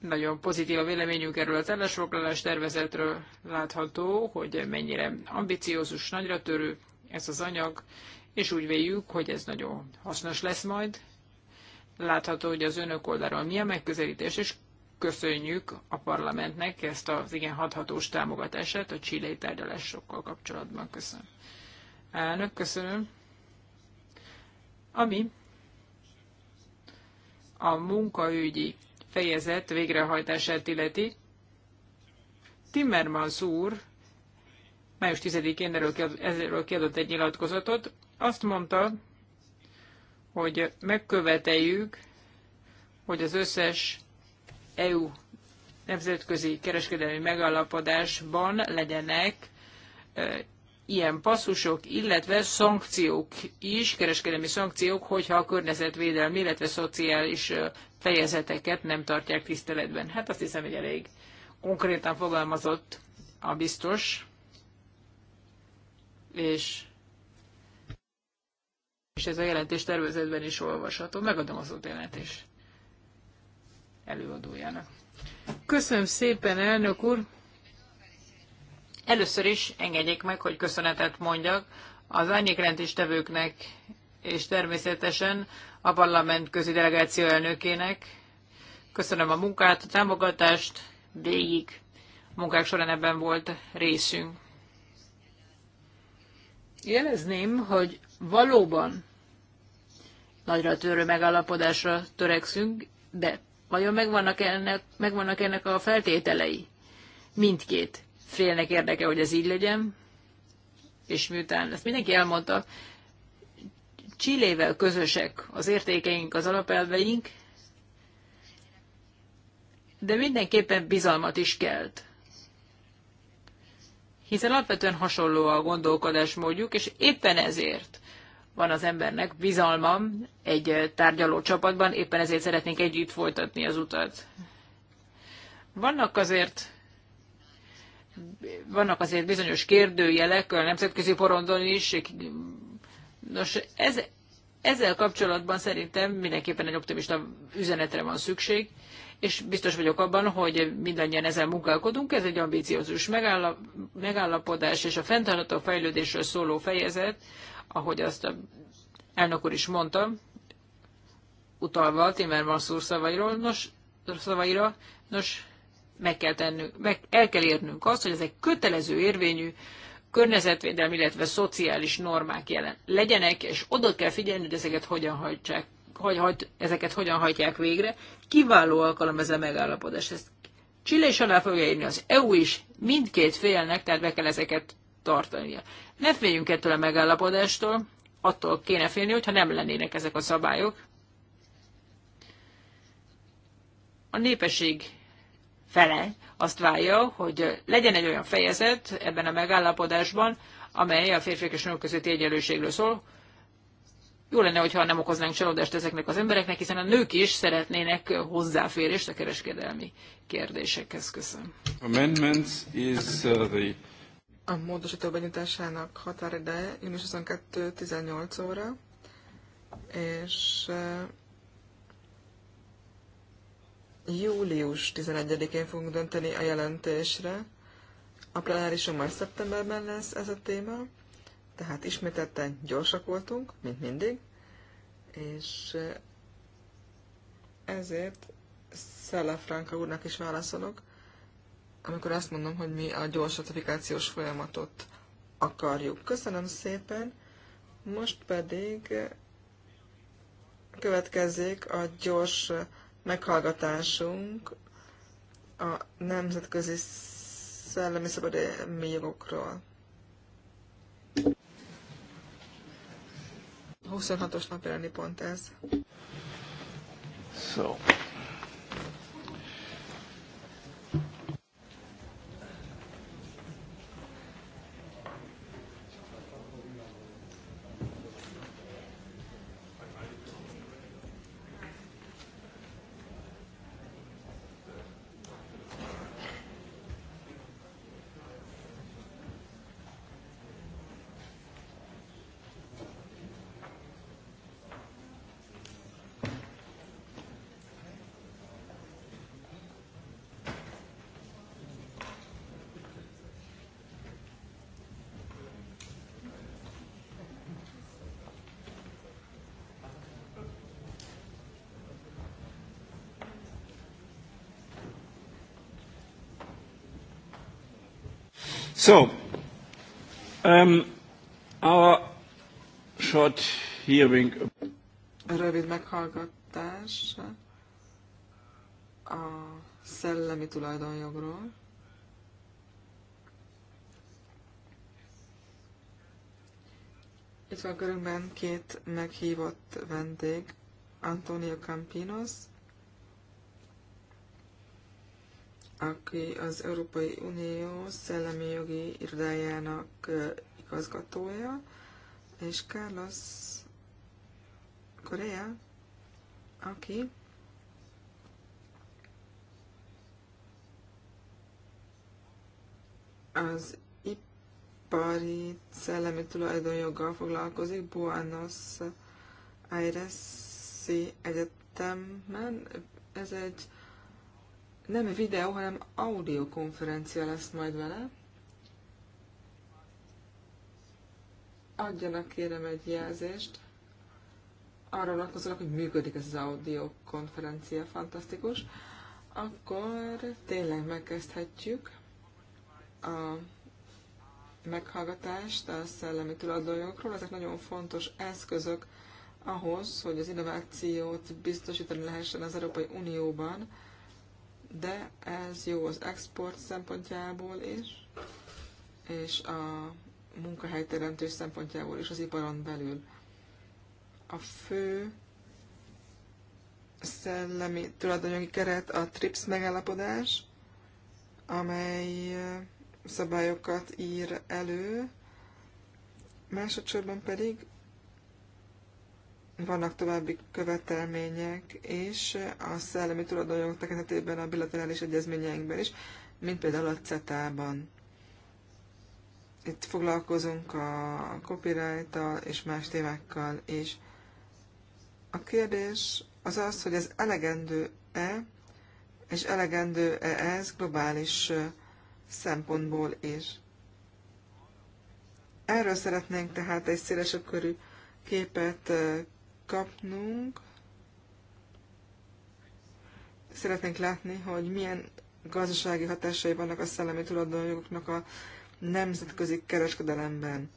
Nagyon pozitív a véleményünk erről a telesfoglalás tervezetről. Látható, hogy mennyire ambiciózus, nagyra törő ez az anyag, és úgy véljük, hogy ez nagyon hasznos lesz majd. Látható, hogy az önök oldalról milyen megközelítés, és köszönjük a parlamentnek ezt az igen hathatós támogatását a csilei tárgyalásokkal kapcsolatban. Köszönöm. Elnök, köszönöm. Ami a munkaügyi fejezet végrehajtását illeti. Timmermans úr május 10-én erről kiadott egy nyilatkozatot. Azt mondta, hogy megköveteljük, hogy az összes EU nemzetközi kereskedelmi megállapodásban legyenek eh, ilyen passzusok, illetve szankciók is, kereskedelmi szankciók, hogyha a környezetvédelmi, illetve szociális fejezeteket nem tartják tiszteletben. Hát azt hiszem, hogy elég konkrétan fogalmazott a biztos, és, és ez a jelentés tervezetben is olvasható. Megadom az ott jelentés előadójának. Köszönöm szépen, elnök úr! Először is engedjék meg, hogy köszönetet mondjak az árnyékrendéstevőknek és természetesen a parlament közi delegáció elnökének. Köszönöm a munkát, a támogatást, végig a munkák során ebben volt részünk. Jelezném, hogy valóban nagyra törő megállapodásra törekszünk, de vajon megvannak ennek, megvannak ennek a feltételei? Mindkét félnek érdeke, hogy ez így legyen, és miután ezt mindenki elmondta, Csillével közösek az értékeink, az alapelveink, de mindenképpen bizalmat is kelt. Hiszen alapvetően hasonló a gondolkodásmódjuk, és éppen ezért van az embernek bizalma egy tárgyaló csapatban, éppen ezért szeretnénk együtt folytatni az utat. Vannak azért vannak azért bizonyos kérdőjelek a nemzetközi porondon is. Nos, ez, ezzel kapcsolatban szerintem mindenképpen egy optimista üzenetre van szükség, és biztos vagyok abban, hogy mindannyian ezzel munkálkodunk. Ez egy ambíciózus megállapodás, és a fenntartható fejlődésről szóló fejezet, ahogy azt a elnök úr is mondta, utalva Timmermans úr szavairól, nos, szavaira, nos, meg kell tennünk, meg el kell érnünk azt, hogy ezek kötelező érvényű környezetvédelmi, illetve szociális normák jelen legyenek, és oda kell figyelni, hogy ezeket hogyan hagyják hogy, hogy, ezeket hogyan hajtják végre. Kiváló alkalom ez a megállapodás. Ezt Csillé is alá fogja írni az EU is, mindkét félnek, tehát be kell ezeket tartania. Ne féljünk ettől a megállapodástól, attól kéne félni, hogyha nem lennének ezek a szabályok. A népesség fele azt várja, hogy legyen egy olyan fejezet ebben a megállapodásban, amely a férfiak és nők közötti egyenlőségről szól. Jó lenne, hogyha nem okoznánk csalódást ezeknek az embereknek, hiszen a nők is szeretnének hozzáférést a kereskedelmi kérdésekhez. Köszönöm. Amendments is uh, A módosító benyújtásának határideje június 22-18 óra, és uh, Július 11-én fogunk dönteni a jelentésre. A plenárison majd szeptemberben lesz ez a téma, tehát ismételten gyorsak voltunk, mint mindig, és eh, ezért Szella Franka úrnak is válaszolok, amikor azt mondom, hogy mi a gyors ratifikációs folyamatot akarjuk. Köszönöm szépen, most pedig eh, következzék a gyors meghallgatásunk a nemzetközi szellemi szabadalmi jogokról. 26-os napi pont ez. So. So, um, our short hearing. Rövid meghallgatás a szellemi tulajdonjogról. Itt van körünkben két meghívott vendég, Antonio Campinos, aki az Európai Unió szellemi jogi irodájának igazgatója, és Carlos Korea, aki az ipari szellemi tulajdonjoggal foglalkozik Buenos Aires Egyetemen. Ez egy nem videó, hanem audiokonferencia lesz majd vele. Adjanak kérem egy jelzést. Arra vonatkozólag, hogy működik ez az audiokonferencia, fantasztikus. Akkor tényleg megkezdhetjük a meghallgatást a szellemi tulajdonjogokról. Ezek nagyon fontos eszközök ahhoz, hogy az innovációt biztosítani lehessen az Európai Unióban de ez jó az export szempontjából is, és a munkahelyteremtő szempontjából is az iparon belül. A fő szellemi tulajdonjogi keret a TRIPS megállapodás, amely eh, szabályokat ír elő, másodszorban pedig vannak további követelmények és a szellemi tulajdonjogok tekintetében a bilaterális egyezményeinkben is, mint például a CETA-ban. Itt foglalkozunk a copyright és más témákkal is. A kérdés az az, hogy ez elegendő-e, és elegendő-e ez globális szempontból is. Erről szeretnénk tehát egy szélesebb körű képet kapnunk. Szeretnénk látni, hogy milyen gazdasági hatásai vannak a szellemi tulajdonjogoknak a nemzetközi kereskedelemben.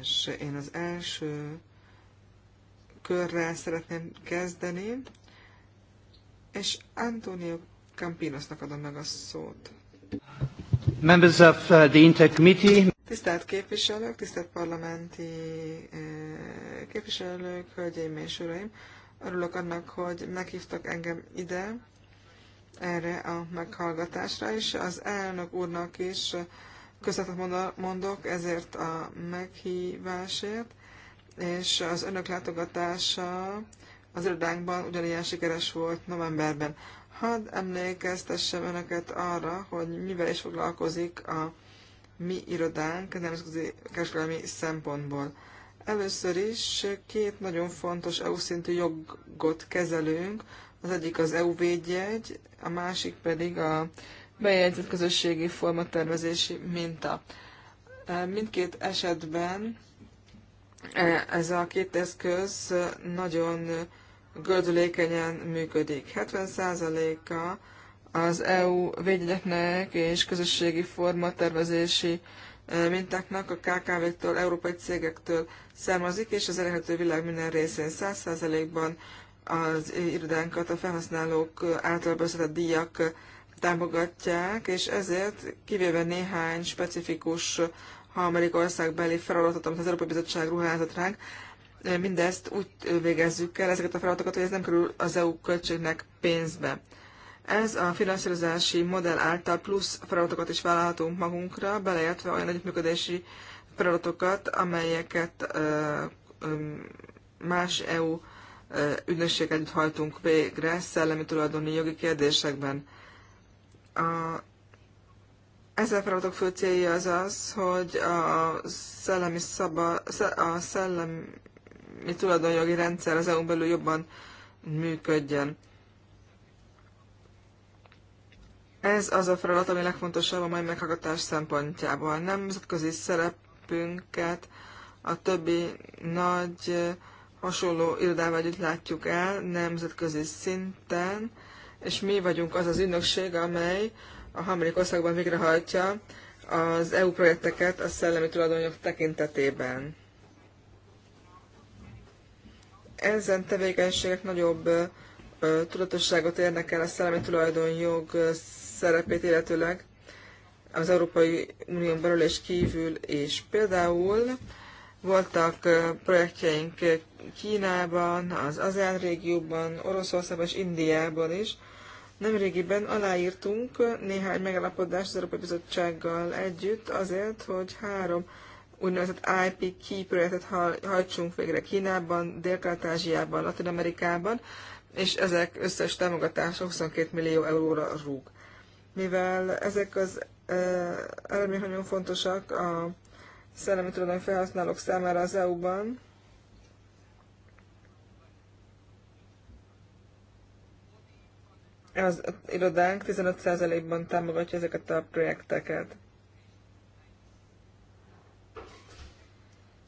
És én az első körrel szeretném kezdeni, és Antonio Campinosnak adom meg a szót. Members of uh, the Intercommittee. Committee. Tisztelt képviselők, tisztelt parlamenti eh, képviselők, hölgyeim és uraim! Örülök annak, hogy meghívtak engem ide, erre a meghallgatásra, és az elnök úrnak is köszönetet mondok ezért a meghívásért, és az önök látogatása az irodánkban ugyanilyen sikeres volt novemberben. Hadd emlékeztessem önöket arra, hogy mivel is foglalkozik a mi irodánk nemzetközi kereskedelmi szempontból. Először is két nagyon fontos EU szintű jogot kezelünk, az egyik az EU védjegy, a másik pedig a bejegyzett közösségi formatervezési minta. E, mindkét esetben e, ez a két eszköz nagyon gördülékenyen működik. 70%-a az EU védjegyeknek és közösségi forma tervezési e, mintáknak a KKV-től, európai cégektől származik, és az elérhető világ minden részén 100%-ban az irodánkat a felhasználók által beszedett díjak támogatják, és ezért kivéve néhány specifikus ha ország beli feladatot, amit az Európai Bizottság ruházott ránk, e, mindezt úgy végezzük el, ezeket a feladatokat, hogy ez nem kerül az EU költségnek pénzbe. Ez a finanszírozási modell által plusz feladatokat is vállalhatunk magunkra, beleértve olyan együttműködési feladatokat, amelyeket ö, ö, más EU ügynökség hajtunk végre szellemi tulajdoni jogi kérdésekben. A, ezzel feladatok fő célja az az, hogy a szellemi, szaba, a szellemi tulajdonjogi rendszer az EU-n belül jobban működjön. Ez az a feladat, ami legfontosabb a mai meghallgatás szempontjából. Nemzetközi szerepünket a többi nagy eh, hasonló irodával együtt látjuk el nemzetközi szinten, és mi vagyunk az az ügynökség, amely a harmadik országban végrehajtja az EU projekteket a szellemi tulajdonjog tekintetében. Ezen tevékenységek nagyobb eh, tudatosságot érnek el a szellemi tulajdonjog szerepét illetőleg az Európai Unión belül és kívül és Például voltak projektjeink Kínában, az ASEAN régióban, Oroszországban és Indiában is. Nemrégiben aláírtunk néhány megállapodást az Európai Bizottsággal együtt azért, hogy három úgynevezett IP Key projektet hajtsunk végre Kínában, dél ázsiában Latin-Amerikában, és ezek összes támogatása 22 millió euróra rúg mivel ezek az elemi nagyon fontosak a szellemi tulajdon felhasználók számára az EU-ban, az irodánk 15%-ban támogatja ezeket a projekteket.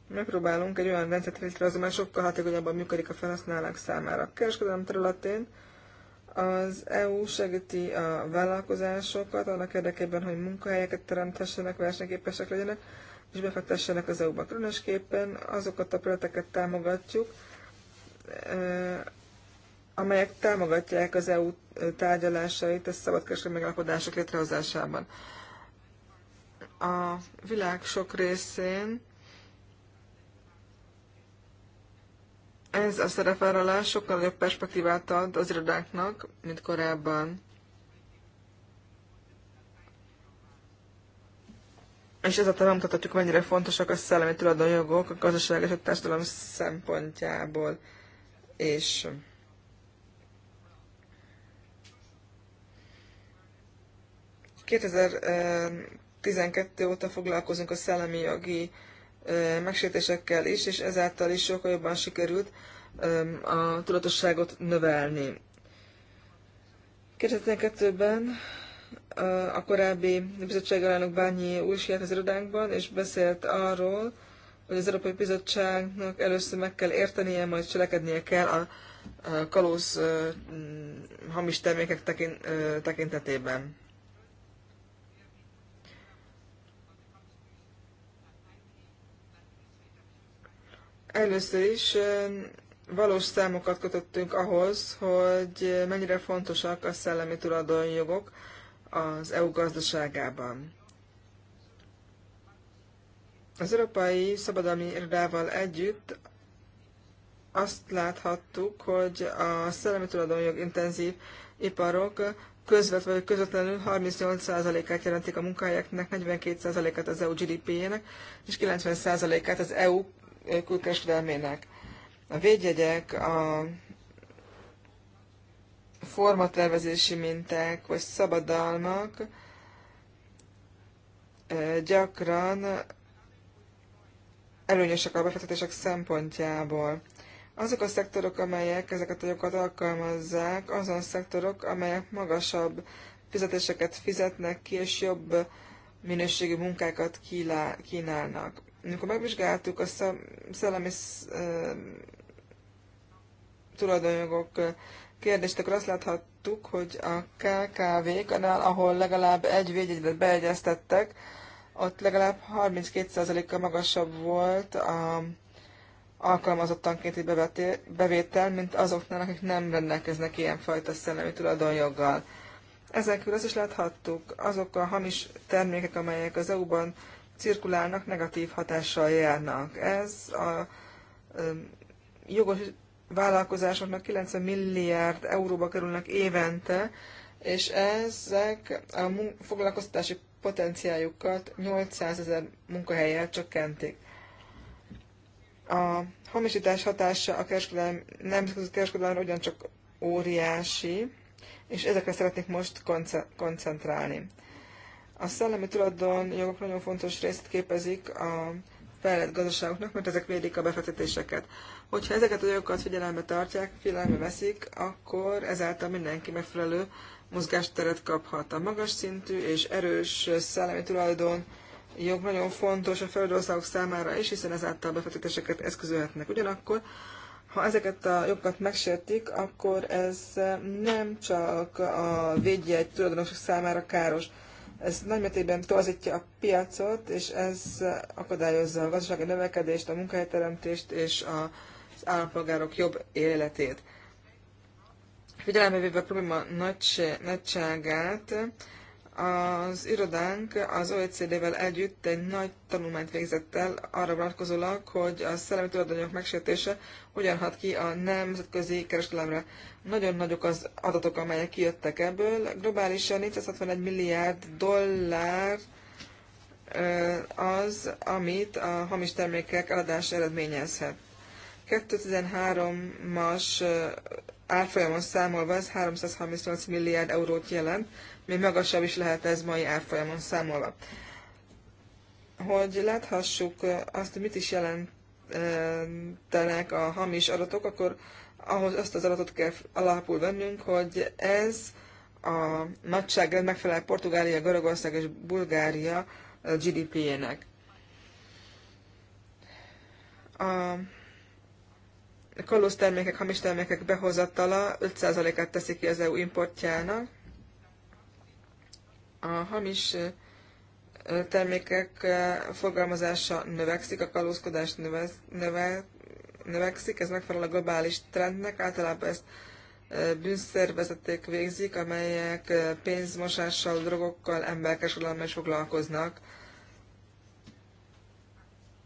Megpróbálunk egy olyan rendszert létrehozni, amely sokkal hatékonyabban működik a felhasználók számára. A kereskedelem területén az EU segíti a vállalkozásokat annak érdekében, hogy munkahelyeket teremthessenek, versenyképesek legyenek, és befektessenek az EU-ba. Különösképpen azokat a projekteket támogatjuk, amelyek támogatják az EU tárgyalásait a szabadkereskedelmi megállapodások létrehozásában. A világ sok részén Ez a szerepvállalás sokkal nagyobb perspektívát ad az irodáknak, mint korábban. És a mutathatjuk, mennyire fontosak a szellemi tulajdonjogok a gazdaság és a társadalom szempontjából. És ...2012 eh, óta foglalkozunk a szellemi jogi megsértésekkel is, és ezáltal is sokkal jobban sikerült a tudatosságot növelni. 2012-ben a korábbi bizottság alelnök Bányi új is az irodánkban, és beszélt arról, hogy az Európai Bizottságnak először meg kell értenie, majd cselekednie kell a kalóz hamis termékek tekintetében. Először is valós számokat kötöttünk ahhoz, hogy mennyire fontosak a szellemi tulajdonjogok az EU gazdaságában. Az Európai Szabadalmi Irodával együtt azt láthattuk, hogy a szellemi tulajdonjog intenzív iparok közvetve vagy közvetlenül 38%-át jelentik a munkahelyeknek, 42%-át az EU GDP-jének, és 90%-át az EU külkereskedelmének. A védjegyek, a formatervezési minták vagy szabadalmak gyakran előnyösek a befektetések szempontjából. Azok a szektorok, amelyek ezeket a jogokat alkalmazzák, azon szektorok, amelyek magasabb fizetéseket fizetnek ki, és jobb minőségű munkákat kínálnak. Amikor megvizsgáltuk a szellemi tulajdonjogok kérdést, akkor azt láthattuk, hogy a KKV-kanál, ahol legalább egy védjegyet beegyeztettek, ott legalább 32 a magasabb volt a alkalmazottankénti bevétel, mint azoknál, akik nem rendelkeznek ilyenfajta szellemi tulajdonjoggal. Ezen kívül azt is láthattuk, azok a hamis termékek, amelyek az EU-ban cirkulálnak, negatív hatással járnak. Ez a jogos vállalkozásoknak 90 milliárd euróba kerülnek évente, és ezek a foglalkoztatási potenciáljukat 800 ezer munkahelyel csökkentik. A hamisítás hatása a kereskedelem, nemzetközi kereskedelemre ugyancsak óriási, és ezekre szeretnék most koncentrálni. A szellemi tulajdon jogok nagyon fontos részt képezik a fejlett gazdaságoknak, mert ezek védik a befektetéseket. Hogyha ezeket a jogokat figyelembe tartják, figyelembe veszik, akkor ezáltal mindenki megfelelő mozgásteret kaphat. A magas szintű és erős szellemi tulajdon jog nagyon fontos a fejlődő számára is, hiszen ezáltal befektetéseket eszközölhetnek. Ugyanakkor, ha ezeket a jogokat megsértik, akkor ez nem csak a védjegy tulajdonosok számára káros, ez nagymértékben torzítja a piacot, és ez akadályozza a gazdasági növekedést, a munkahelyteremtést és az állampolgárok jobb életét. Figyelembe véve a probléma nagyságát, az irodánk az OECD-vel együtt egy nagy tanulmányt végzett el arra vonatkozólag, hogy a szellemi tulajdonjog megsértése hogyan hat ki a nemzetközi kereskedelemre. Nagyon nagyok az adatok, amelyek kijöttek ebből. Globálisan 461 milliárd dollár az, amit a hamis termékek eladás eredményezhet. 2013-as árfolyamon számolva ez 338 milliárd eurót jelent, még magasabb is lehet ez mai árfolyamon számolva. Hogy láthassuk azt, mit is jelentenek a hamis adatok, akkor ahhoz azt az adatot kell alapul vennünk, hogy ez a nagyság megfelel Portugália, Görögország és Bulgária GDP-jének. A termékek, hamis termékek behozatala 5%-át teszi ki az EU importjának, a hamis termékek forgalmazása növekszik, a kalózkodás növez, növe, növekszik, ez megfelel a globális trendnek, általában ezt bűnszervezeték végzik, amelyek pénzmosással, drogokkal, emberkereskedelemmel foglalkoznak.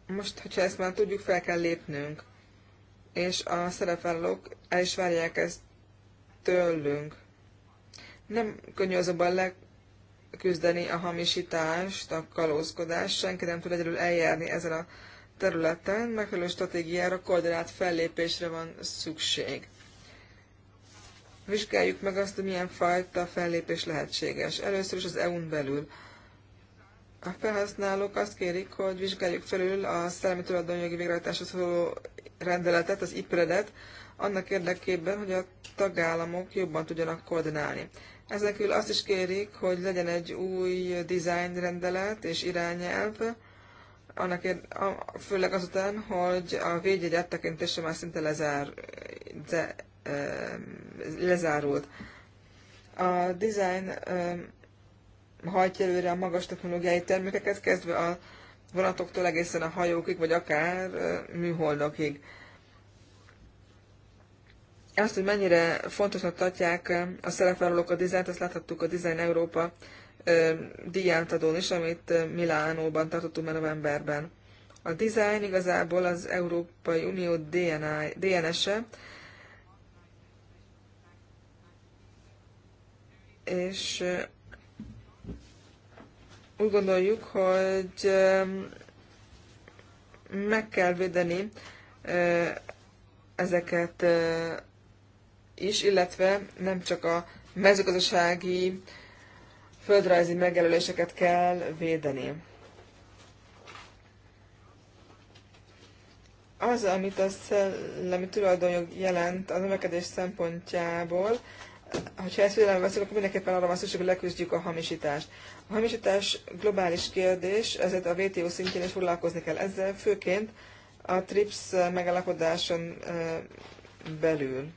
Most, hogyha ezt már tudjuk, fel kell lépnünk, és a szerepvállalók el is várják ezt tőlünk. Nem könnyű azonban leg, küzdeni a hamisítást, a kalózkodást, senki nem tud egyedül eljárni ezen a területen, megfelelő stratégiára, koordinált fellépésre van szükség. Vizsgáljuk meg azt, hogy milyen fajta fellépés lehetséges. Először is az EU-n belül. A felhasználók azt kérik, hogy vizsgáljuk felül a szellemi tulajdonjogi végrehajtáshoz szóló rendeletet, az IPRED-et, annak érdekében, hogy a tagállamok jobban tudjanak koordinálni. Ezekül azt is kérik, hogy legyen egy új design rendelet és irányelv, annak ér, a, főleg azután, hogy a védjegy áttekintése már szinte lezár, de, e, lezárult. A design e, hajtja előre a magas technológiai termékeket, kezdve a vonatoktól egészen a hajókig, vagy akár e, műholdakig. Azt, hogy mennyire fontosnak tartják a szerepvállalók a dizájnt, azt láthattuk a Design Európa díjátadón is, amit Milánóban tartottunk már novemberben. A design igazából az Európai Unió DNS-e, és úgy gondoljuk, hogy meg kell védeni ezeket is, illetve nem csak a mezőgazdasági földrajzi megjelöléseket kell védeni. Az, amit a szellemi tulajdonjog jelent a növekedés szempontjából, hogyha ezt figyelembe veszünk, akkor mindenképpen arra van szükség, hogy leküzdjük a hamisítást. A hamisítás globális kérdés, ezért a WTO szintjén is foglalkozni kell ezzel, főként a TRIPS megalakodáson belül.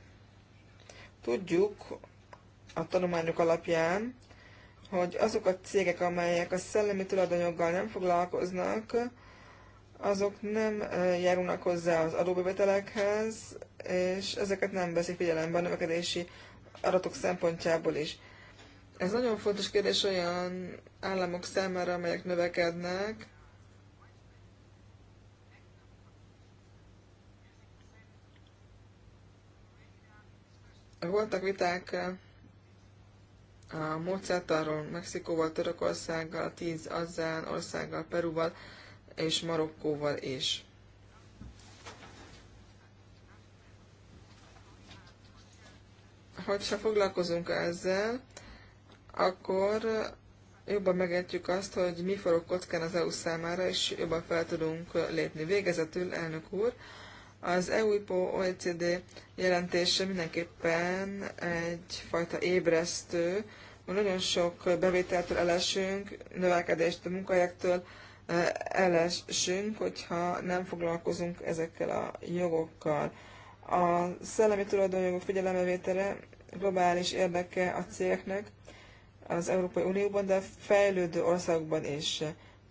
Tudjuk a tanulmányok alapján, hogy azok a cégek, amelyek a szellemi tulajdonjoggal nem foglalkoznak, azok nem járulnak hozzá az adóbevetelekhez, és ezeket nem veszik figyelembe a növekedési adatok szempontjából is. Ez nagyon fontos kérdés olyan államok számára, amelyek növekednek, Voltak viták eh, a Mozartáról, Mexikóval, Törökországgal, tíz Azzán országgal, Peruval és Marokkóval is. Hogyha foglalkozunk ezzel, akkor jobban megértjük azt, hogy mi forog kockán az EU számára, és jobban fel tudunk lépni. Végezetül, elnök úr, az EUIPO OECD jelentése mindenképpen egyfajta ébresztő, mert nagyon sok bevételtől elesünk, növekedést a munkahelyektől eh, elesünk, hogyha nem foglalkozunk ezekkel a jogokkal. A szellemi tulajdonjogok figyelembevétele globális érdeke a cégeknek az Európai Unióban, de fejlődő országokban is.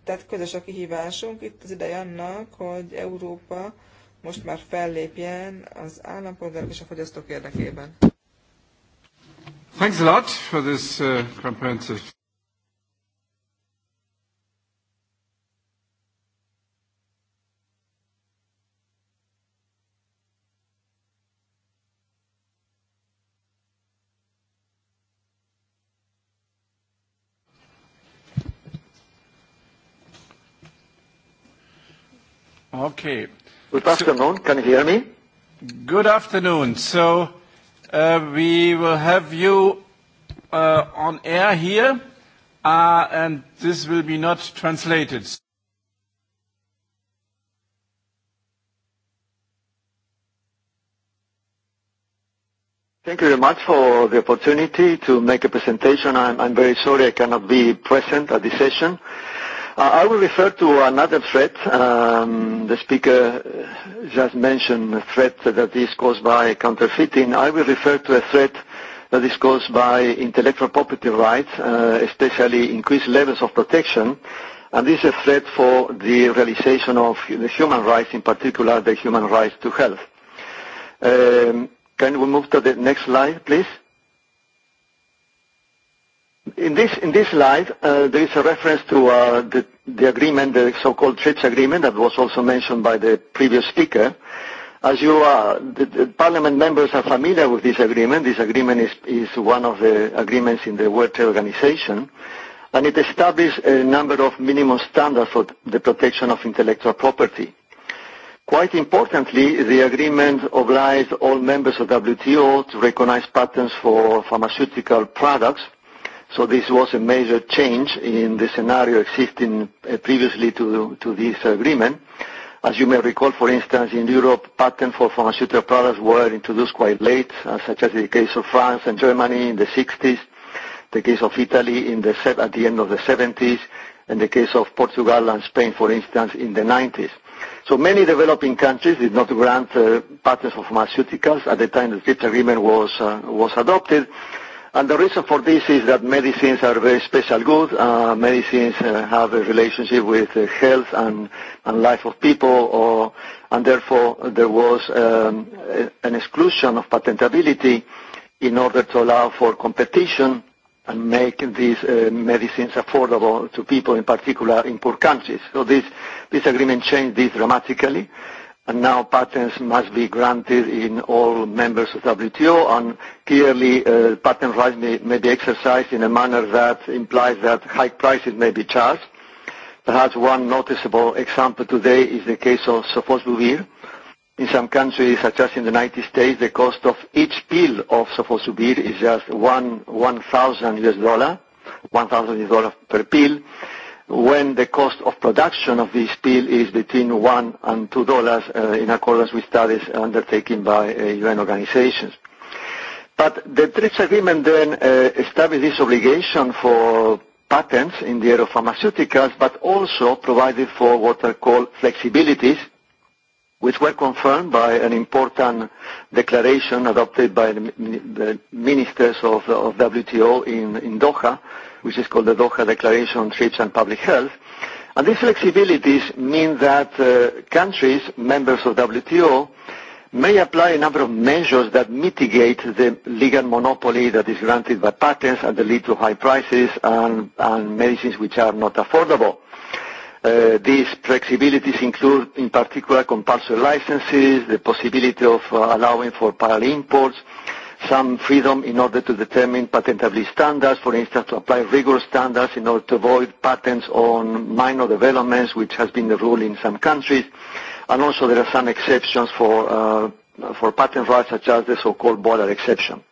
Tehát közös a kihívásunk, itt az ideje annak, hogy Európa most már fellépjen az állampolgárok és a fogyasztók érdekében. Thanks a lot for this uh, comprehensive Okay. Good afternoon. Can you hear me? Good afternoon. So uh, we will have you uh, on air here, uh, and this will be not translated. Thank you very much for the opportunity to make a presentation. I'm, I'm very sorry I cannot be present at this session. Uh, I will refer to another threat. Um, the speaker just mentioned a threat that is caused by counterfeiting. I will refer to a threat that is caused by intellectual property rights, uh, especially increased levels of protection. And this is a threat for the realization of the human rights, in particular the human rights to health. Um, can we move to the next slide, please? In this in this slide, uh, there is a reference to uh, the, the agreement, the so-called TRIPS agreement, that was also mentioned by the previous speaker. As you are, the, the Parliament members are familiar with this agreement. This agreement is, is one of the agreements in the World Trade Organization, and it establishes a number of minimum standards for the protection of intellectual property. Quite importantly, the agreement obliged all members of WTO to recognize patents for pharmaceutical products – So this was a major change in the scenario existing uh, previously to, to this agreement. As you may recall, for instance, in Europe, patents for pharmaceutical products were introduced quite late, uh, such as the case of France and Germany in the 60s, the case of Italy in the, at the end of the 70s, and the case of Portugal and Spain, for instance, in the 90s. So many developing countries did not grant uh, patents for pharmaceuticals at the time the TRIPS agreement was, uh, was adopted. And the reason for this is that medicines are very special goods. Uh, medicines uh, have a relationship with uh, health and, and life of people, or, and therefore there was um, an exclusion of patentability in order to allow for competition and make these uh, medicines affordable to people, in particular in poor countries. So this, this agreement changed this dramatically and now patents must be granted in all members of WTO, and clearly uh, patent rights may, may be exercised in a manner that implies that high prices may be charged. Perhaps one noticeable example today is the case of sofosbuvir. In some countries, such as in the United States, the cost of each pill of sofosbuvir is just one one thousand US dollar, one thousand US dollar per pill when the cost of production of this steel is between one and two dollars uh, in accordance with studies undertaken by uh, UN organizations. But the TRIPS agreement then uh, established this obligation for patents in the area of pharmaceuticals, but also provided for what are called flexibilities, which were confirmed by an important declaration adopted by the, the ministers of, of WTO in, in Doha, which is called the Doha Declaration on Trips and Public Health. And these flexibilities mean that uh, countries, members of WTO, may apply a number of measures that mitigate the legal monopoly that is granted by patents and that lead to high prices and, and medicines which are not affordable. Uh, these flexibilities include, in particular, compulsory licenses, the possibility of uh, allowing for parallel imports, some freedom in order to determine patentability standards, for instance, to apply rigorous standards in order to avoid patents on minor developments, which has been the rule in some countries. And also there are some exceptions for, uh, for patent rights, such as the so-called border exception.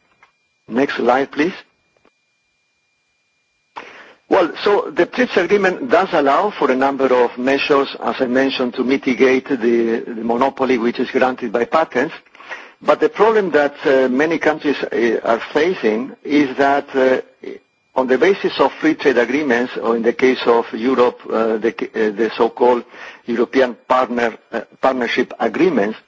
Next slide, please. Well, so the TRIPS agreement does allow for a number of measures, as I mentioned, to mitigate the, the monopoly which is granted by patents. But the problem that uh, many countries uh, are facing is that uh, on the basis of free trade agreements, or in the case of Europe, uh, the, uh, the so-called European partner, uh, partnership agreements,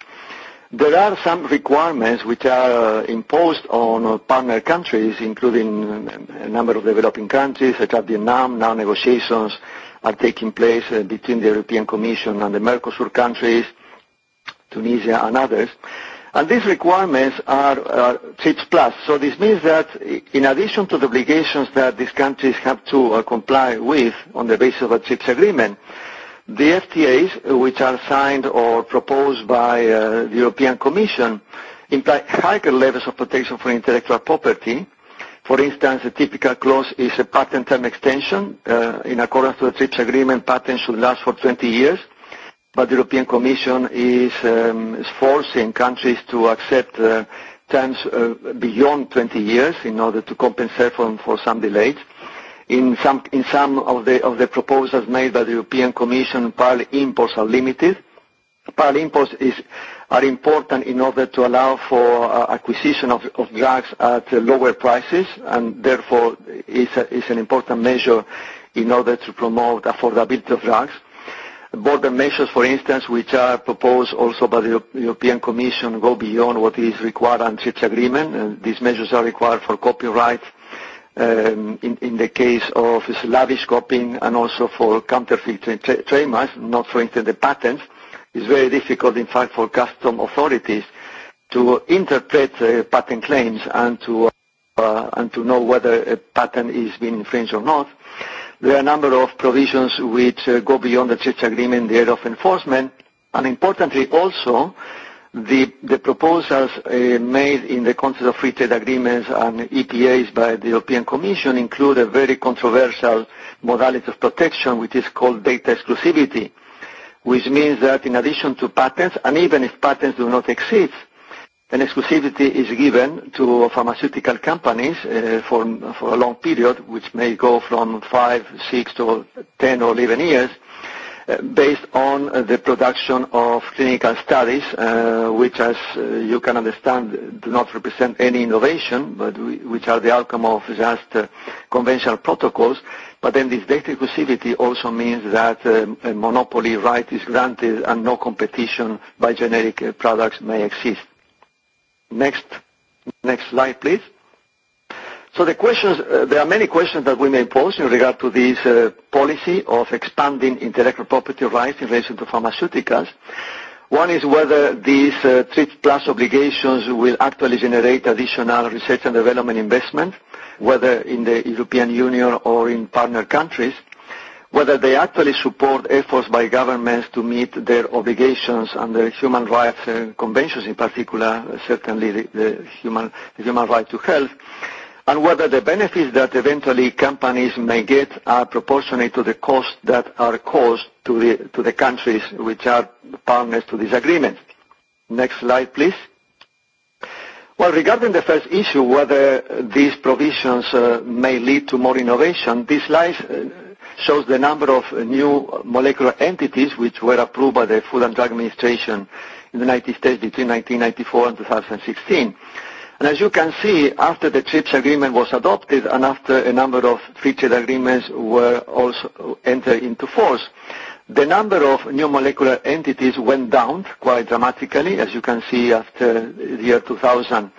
there are some requirements which are uh, imposed on uh, partner countries, including uh, a number of developing countries, such as Vietnam. Now negotiations are taking place uh, between the European Commission and the Mercosur countries, Tunisia and others. Uh, And these requirements are, are CHIPS Plus. So this means that in addition to the obligations that these countries have to uh, comply with on the basis of a CHIPS agreement, the FTAs, which are signed or proposed by uh, the European Commission, imply higher levels of protection for intellectual property. For instance, a typical clause is a patent term extension. Uh, in accordance to the TRIPS agreement, patents should last for 20 years. But the European Commission is, um, is forcing countries to accept uh, terms uh, beyond 20 years in order to compensate for, for some delays. In some, in some of, the, of the proposals made by the European Commission, parallel imports are limited. Parallel imports is, are important in order to allow for uh, acquisition of, of drugs at uh, lower prices, and therefore is, is an important measure in order to promote affordability of drugs border measures, for instance, which are proposed also by the European Commission, go beyond what is required under such agreement. And uh, these measures are required for copyright um, in, in the case of slavish copying and also for counterfeit tra tra trademarks, not, for instance, the patents. It's very difficult, in fact, for custom authorities to interpret uh, patent claims and to, uh, and to know whether a patent is being infringed or not. Uh, There are a number of provisions which uh, go beyond the church agreement, the area of enforcement, and importantly also, the, the proposals uh, made in the context of free trade agreements and EPAs by the European Commission include a very controversial modality of protection, which is called data exclusivity, which means that in addition to patents, and even if patents do not exist, An exclusivity is given to pharmaceutical companies uh, for for a long period, which may go from five, six to 10 or 11 years, uh, based on uh, the production of clinical studies, uh, which as uh, you can understand, do not represent any innovation, but we, which are the outcome of just uh, conventional protocols. But then This data exclusivity also means that uh, a monopoly right is granted and no competition by generic uh, products may exist. Next, next slide, please. So the questions, uh, there are many questions that we may pose in regard to this uh, policy of expanding intellectual property rights in relation to pharmaceuticals. One is whether these uh, treat Plus obligations will actually generate additional research and development investment, whether in the European Union or in partner countries whether they actually support efforts by governments to meet their obligations under human rights uh, conventions, in particular, certainly the, the, human, the human right to health, and whether the benefits that eventually companies may get are proportionate to the costs that are caused to the, to the countries which are partners to this agreement. Next slide, please. Well, regarding the first issue, whether these provisions uh, may lead to more innovation, this slide uh, shows the number of uh, new molecular entities which were approved by the Food and Drug Administration in the United States between 1994 and 2016. And as you can see, after the TRIPS agreement was adopted and after a number of free trade agreements were also entered into force, the number of new molecular entities went down quite dramatically. As you can see, after the year 2000,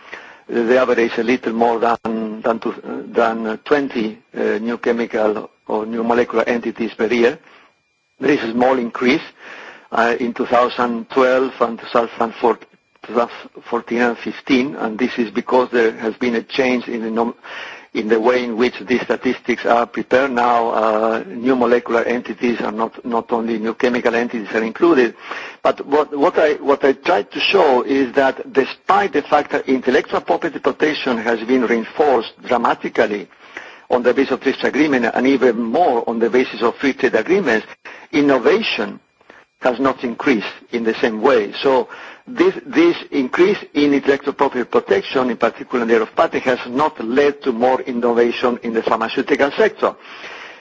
the average a little more than, than, to, than 20 uh, new chemical of new molecular entities per year. There is a small increase uh, in 2012 and 2014, 2014 and 15, and this is because there has been a change in the nom in the way in which these statistics are prepared now, uh, new molecular entities are not, not only new chemical entities are included. But what, what, I, what I tried to show is that despite the fact that intellectual property protection has been reinforced dramatically on the basis of trade agreement and even more on the basis of free trade agreements, innovation has not increased in the same way. So this, this increase in intellectual property protection, in particular in the area of patent, has not led to more innovation in the pharmaceutical sector.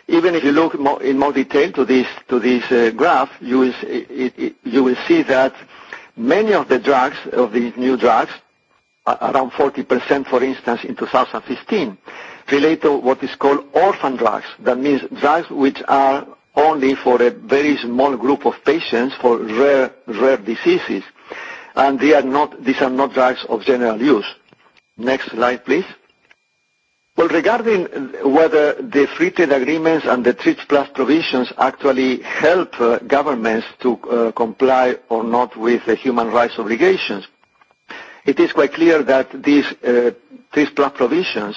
Even if you look more, in more detail to this, to this uh, graph, you will, it, it, you will see that many of the drugs, of these new drugs, around 40%, for instance, in 2015, relate to what is called orphan drugs. That means drugs which are only for a very small group of patients for rare, rare diseases. And they are not, these are not drugs of general use. Next slide, please. Well, regarding whether the free trade agreements and the TRIPS Plus provisions actually help uh, governments to uh, comply or not with the human rights obligations, it is quite clear that these uh, TRIPS Plus provisions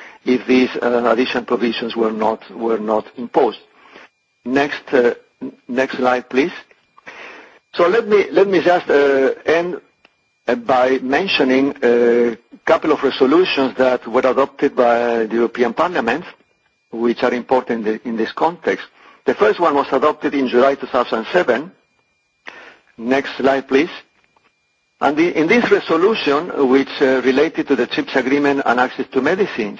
if these uh, additional provisions were not were not imposed. Next uh, next slide, please. So let me let me just uh, end uh, by mentioning a uh, couple of resolutions that were adopted by the European Parliament, which are important in, this context. The first one was adopted in July 2007. Next slide, please. And the, in this resolution, which uh, related to the CHIPS agreement and access to medicines,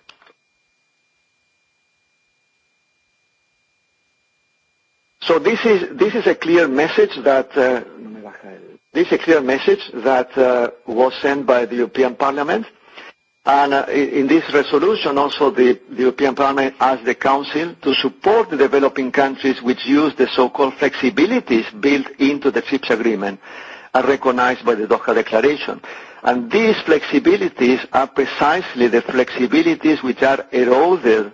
So this is this is a clear message that uh, this is a clear message that uh, was sent by the European Parliament, and uh, in this resolution also the, the European Parliament asked the Council to support the developing countries which use the so-called flexibilities built into the TRIPS agreement are recognised by the Doha Declaration. And these flexibilities are precisely the flexibilities which are eroded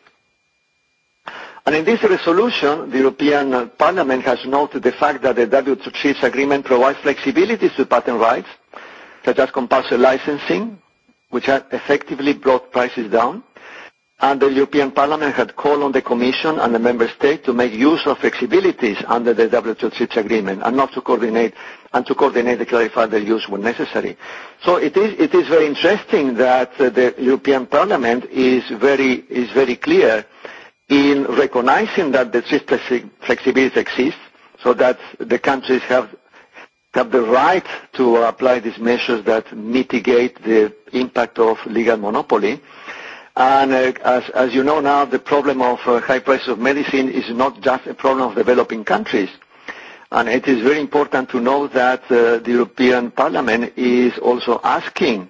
And in this resolution, the European Parliament has noted the fact that the W2CIS agreement provides flexibility to patent rights, such as compulsory licensing, which has effectively brought prices down. And the European Parliament had called on the Commission and the Member States to make use of flexibilities under the W2CIPS agreement and not to coordinate and to coordinate and clarify their use when necessary. So it is, it is very interesting that uh, the European Parliament is very, is very clear in recognizing that the flexibility exists so that the countries have have the right to apply these measures that mitigate the impact of legal monopoly. And uh, as, as you know now, the problem of uh, high prices of medicine is not just a problem of developing countries. And it is very important to know that uh, the European Parliament is also asking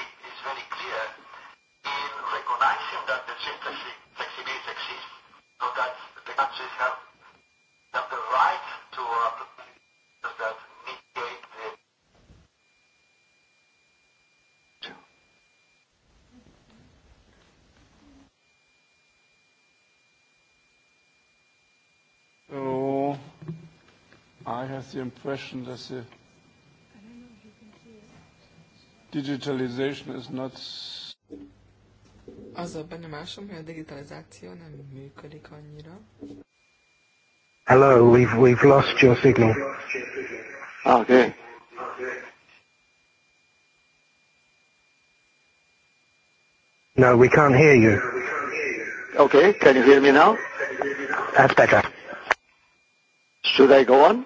has the impression that the digitalization is not... Az a benyomásom, hogy a digitalizáció nem működik annyira. Hello, we've, we've lost your signal. Okay. No, we can't hear you. Okay, can you hear me now? That's better. Should I go on?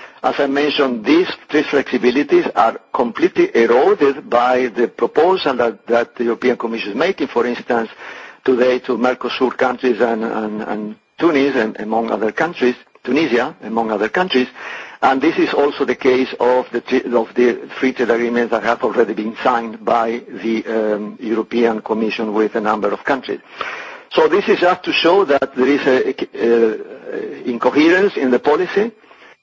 As I mentioned, these three flexibilities are completely eroded by the proposal that, that the European Commission is making, for instance, today to Mercosur countries and, and, and Tunis, and among other countries, Tunisia, among other countries. And this is also the case of the, of the free trade agreements that have already been signed by the um, European Commission with a number of countries. So this is just to show that there is an a incoherence in the policy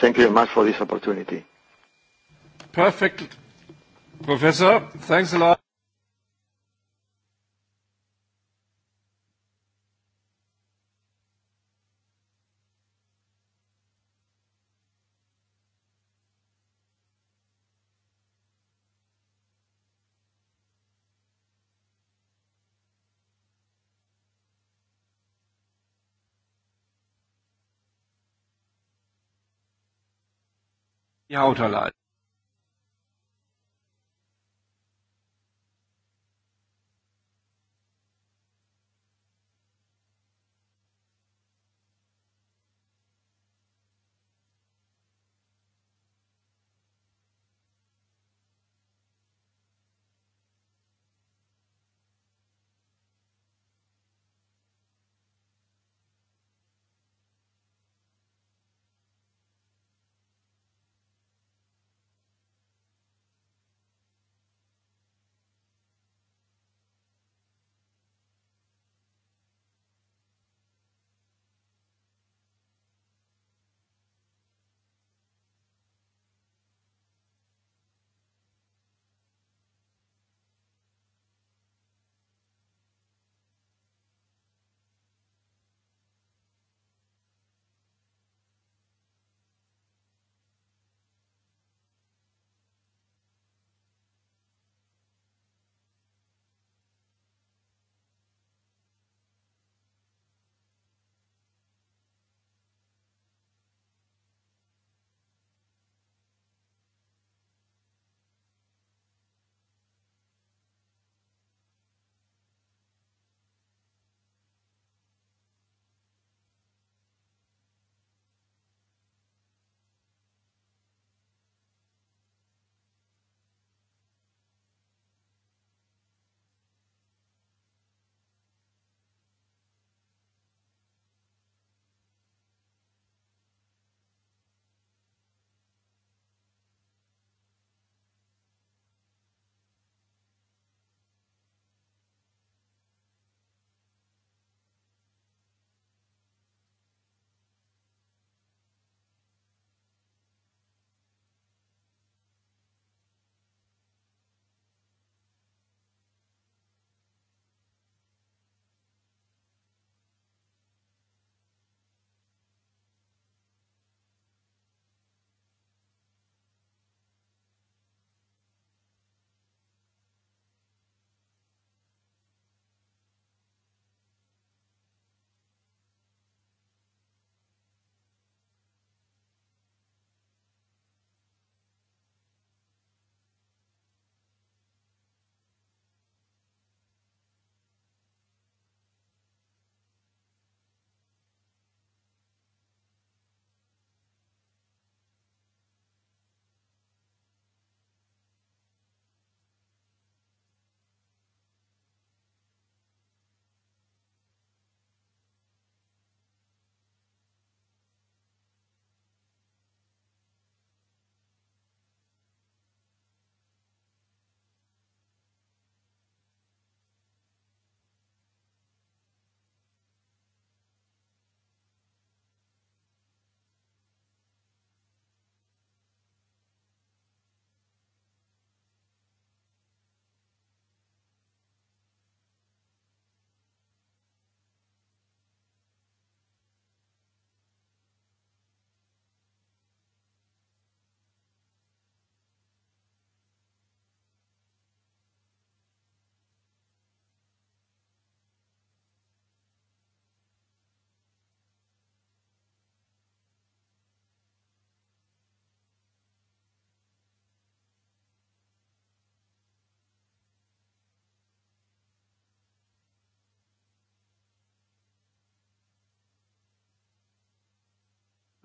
Thank you very much for this opportunity. Perfect. Professor, thanks a lot. leid.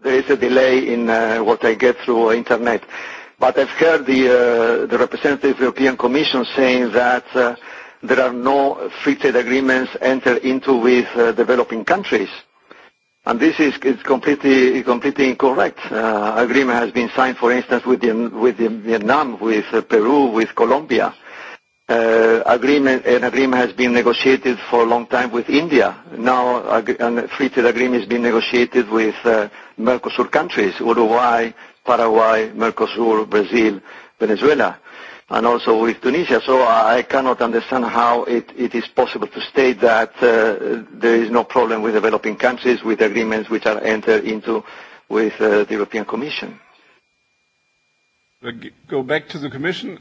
there is a delay in uh, what I get through internet. But I've heard the, uh, the representative of the European Commission saying that uh, there are no free trade agreements entered into with uh, developing countries. And this is it's completely, completely incorrect. Uh, agreement has been signed, for instance, with, the, with the Vietnam, with uh, Peru, with Colombia. Uh, agreement, an agreement has been negotiated for a long time with India. Now a free trade agreement is being negotiated with uh, Mercosur countries, Uruguay, Paraguay, Mercosur, Brazil, Venezuela, and also with Tunisia. So I cannot understand how it, it is possible to state that uh, there is no problem with developing countries with agreements which are entered into with uh, the European Commission. Go back to the Commission.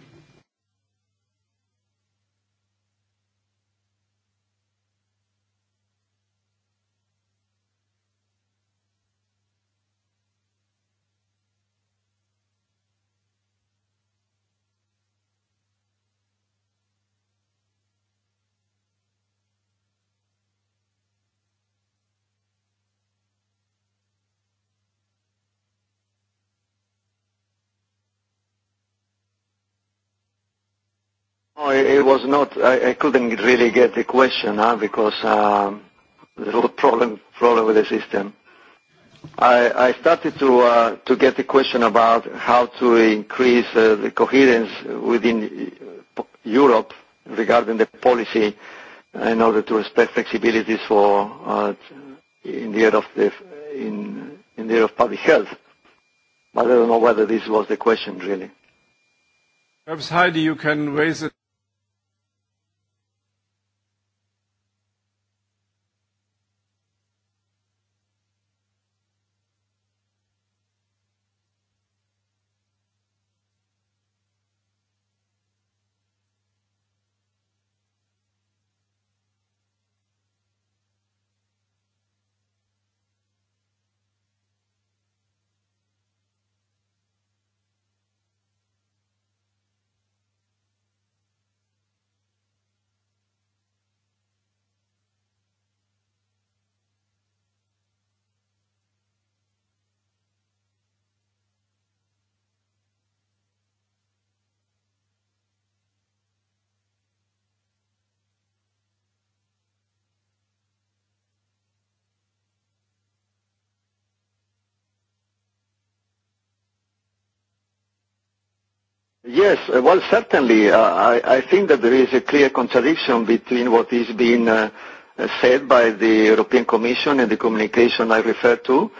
it was not. I, I couldn't really get the question huh, because um, there was problem problem with the system. I, I started to uh, to get the question about how to increase uh, the coherence within uh, Europe regarding the policy in order to respect flexibilities for uh, in the area of the in in the area of public health. But I don't know whether this was the question really. Perhaps Heidi, you can raise it. Yes, well, certainly. Uh, I, I think that there is a clear contradiction between what is being uh, said by the European Commission and the communication I refer to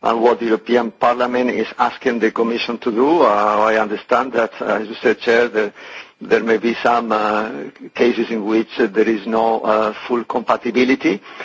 and what the European Parliament is asking the Commission to do. Uh, I understand that, uh, as you said, Chair, the, there may be some uh, cases in which uh, there is no uh, full compatibility. Uh,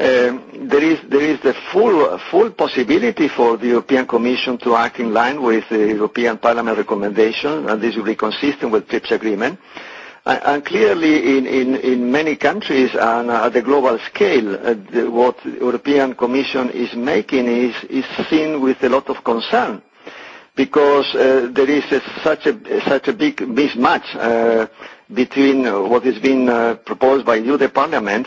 um, there is there is the full full possibility for the European Commission to act in line with the European Parliament recommendation, and this will be consistent with TRIPS agreement. And, and clearly, in, in, in many countries and at the global scale, uh, the, what the European Commission is making is, is seen with a lot of concern because uh, there is a, such a such a big mismatch uh, between what is being uh, proposed by you, the Parliament,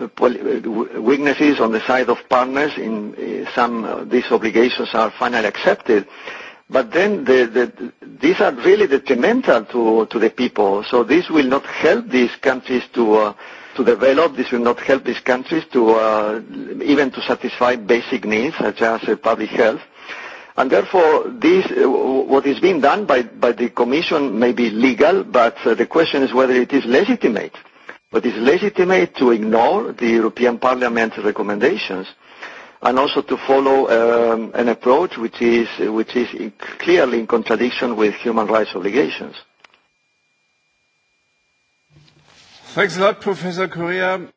Uh, weaknesses on the side of partners in uh, some of uh, these obligations are finally accepted. But then the, the, these are really detrimental to, to the people. So this will not help these countries to, uh, to develop. This will not help these countries to uh, even to satisfy basic needs such as uh, public health. And therefore, this, uh, what is being done by, by the Commission may be legal, but uh, the question is whether it is legitimate. But it's legitimate to ignore the European Parliament's recommendations and also to follow um, an approach which is, which is in, clearly in contradiction with human rights obligations. Thanks a lot, Professor Correa.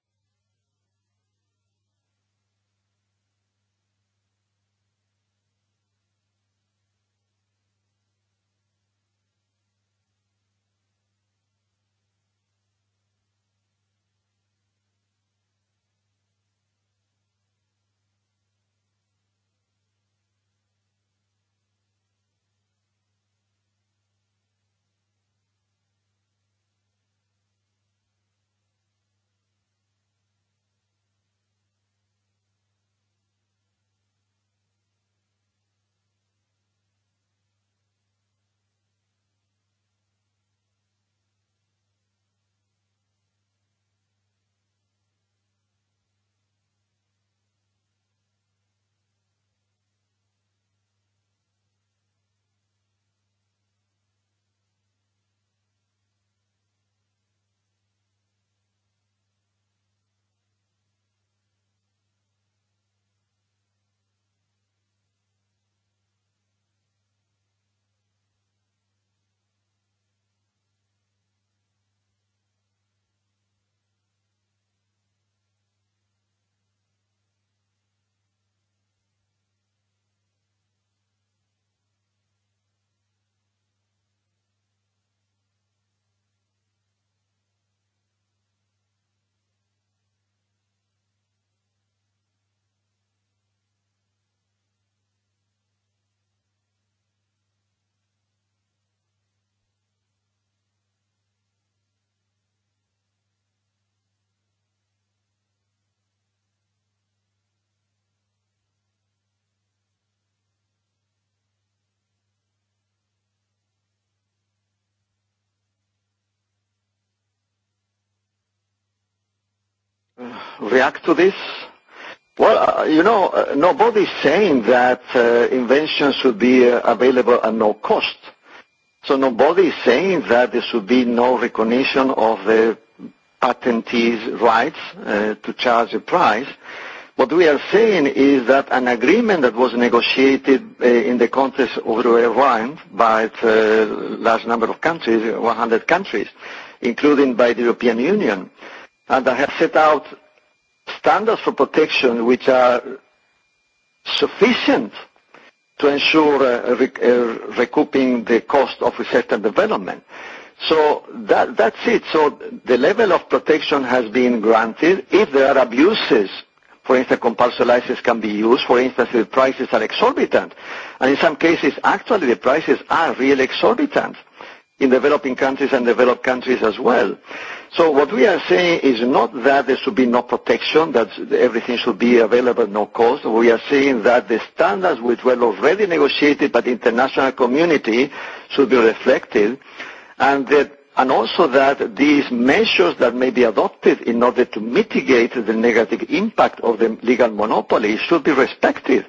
react to this? Well, uh, you know, uh, nobody's saying that uh, inventions should be uh, available at no cost. So nobody is saying that there should be no recognition of the patentee's rights uh, to charge a price. What we are saying is that an agreement that was negotiated uh, in the context of the round by a uh, large number of countries, 100 countries, including by the European Union, and that has set out standards for protection which are sufficient to ensure uh, rec uh, recouping the cost of research and development. So that, that's it. So the level of protection has been granted. If there are abuses, for instance, compulsory license can be used. For instance, the prices are exorbitant. And in some cases, actually, the prices are really exorbitant in developing countries and developed countries as well. So what we are saying is not that there should be no protection, that everything should be available at no cost. We are saying that the standards which were already negotiated by the international community should be reflected, and that and also that these measures that may be adopted in order to mitigate the negative impact of the legal monopoly should be respected.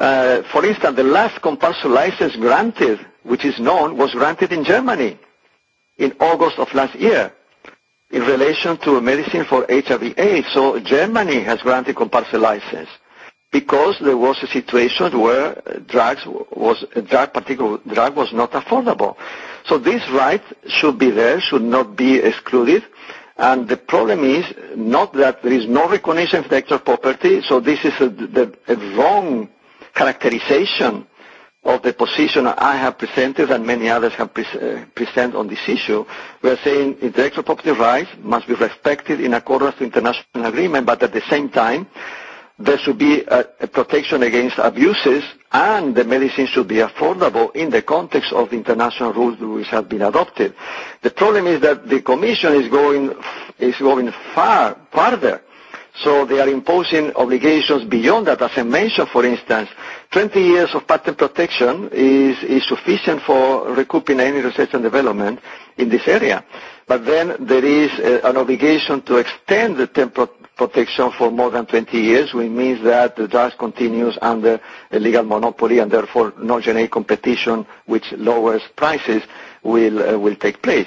Uh, for instance, the last compulsory license granted, which is known, was granted in Germany in August of last year in relation to medicine for HIV AIDS. So Germany has granted compulsory license because there was a situation where drugs was, a drug, particular drug was not affordable. So this right should be there, should not be excluded. And the problem is not that there is no recognition of intellectual property, so this is a, the, a wrong characterization of the position I have presented and many others have pre uh, eh, presented on this issue. We are saying intellectual property rights must be respected in accordance to international agreement, but at the same time, there should be a, a protection against abuses and the medicine should be affordable in the context of the international rules which have been adopted. The problem is that the Commission is going, is going far, farther. So they are imposing obligations beyond that. As I mentioned, for instance, 20 years of patent protection is, is sufficient for recouping any research and development in this area. But then there is a, uh, an obligation to extend the term pro protection for more than 20 years, which means that the drug continues under a legal monopoly and therefore no generic competition, which lowers prices, will, uh, will take place.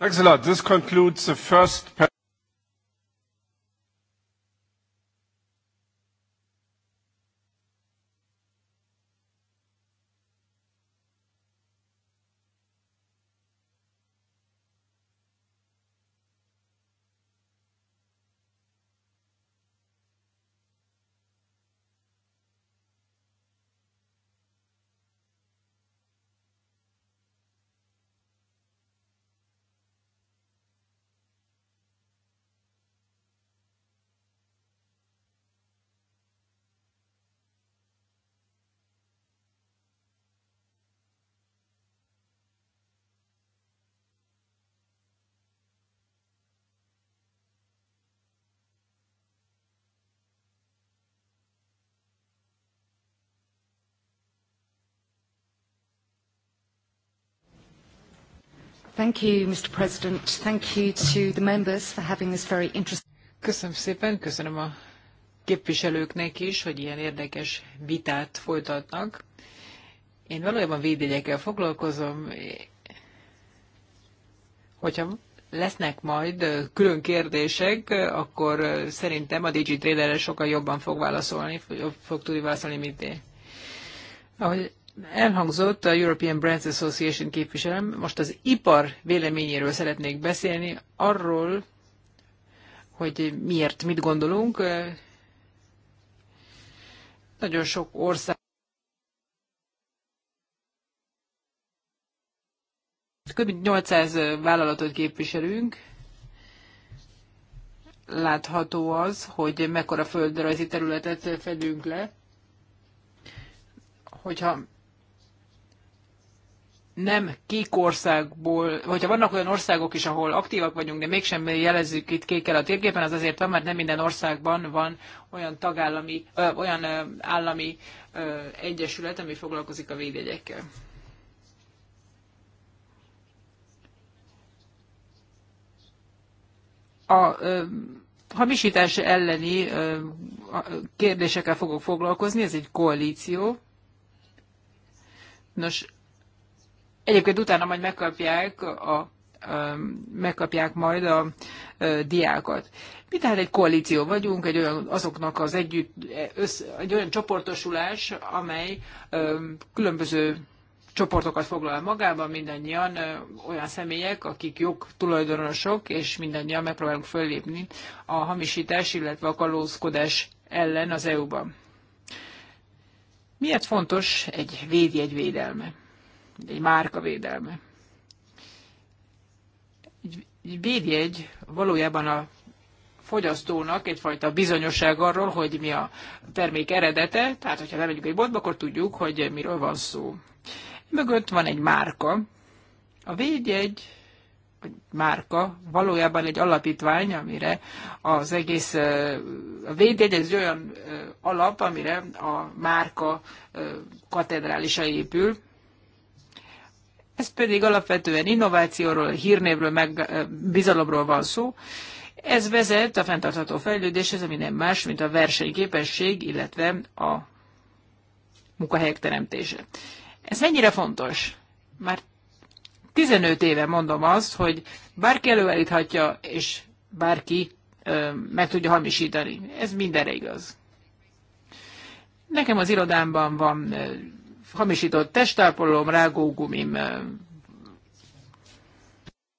Thanks a lot. This concludes the first Thank you, Mr. President. Thank you to the members for having this very interesting... Köszönöm szépen, köszönöm a képviselőknek is, hogy ilyen érdekes vitát folytatnak. Én valójában védjegyekkel foglalkozom. Hogyha lesznek majd külön kérdések, akkor szerintem a DigiTrader-re sokkal jobban fog válaszolni, fog tudni válaszolni, mint én. Ahogy Elhangzott a European Brands Association képviselem, most az ipar véleményéről szeretnék beszélni, arról, hogy miért, mit gondolunk. Nagyon sok ország Kb. 800 vállalatot képviselünk. Látható az, hogy mekkora földrajzi területet fedünk le. Hogyha nem kék országból, hogyha vannak olyan országok is, ahol aktívak vagyunk, de mégsem jelezzük itt kékkel a térképen, az azért van, mert nem minden országban van olyan tagállami, ö, olyan ö, állami ö, egyesület, ami foglalkozik a védjegyekkel. A ö, hamisítás elleni ö, kérdésekkel fogok foglalkozni, ez egy koalíció. Nos, Egyébként utána majd megkapják a megkapják majd a diákat. Mi tehát egy koalíció vagyunk, egy olyan, azoknak az együtt, össz, egy olyan csoportosulás, amely különböző csoportokat foglal magában, mindannyian olyan személyek, akik tulajdonosok és mindannyian megpróbálunk föllépni a hamisítás, illetve a kalózkodás ellen az EU-ban. Miért fontos egy védjegy védelme? egy márka védelme. Egy, egy védjegy valójában a fogyasztónak egyfajta bizonyosság arról, hogy mi a termék eredete, tehát hogyha lemegyünk egy boltba, akkor tudjuk, hogy miről van szó. Mögött van egy márka. A védjegy vagy márka valójában egy alapítvány, amire az egész a védjegy egy olyan alap, amire a márka katedrálisa épül. Ez pedig alapvetően innovációról, hírnévről, meg bizalomról van szó. Ez vezet a fenntartható fejlődéshez, ami nem más, mint a versenyképesség, illetve a munkahelyek teremtése. Ez mennyire fontos? Már 15 éve mondom azt, hogy bárki előállíthatja, és bárki ö, meg tudja hamisítani. Ez mindenre igaz. Nekem az irodámban van hamisított testápolom, rágógumim, eh,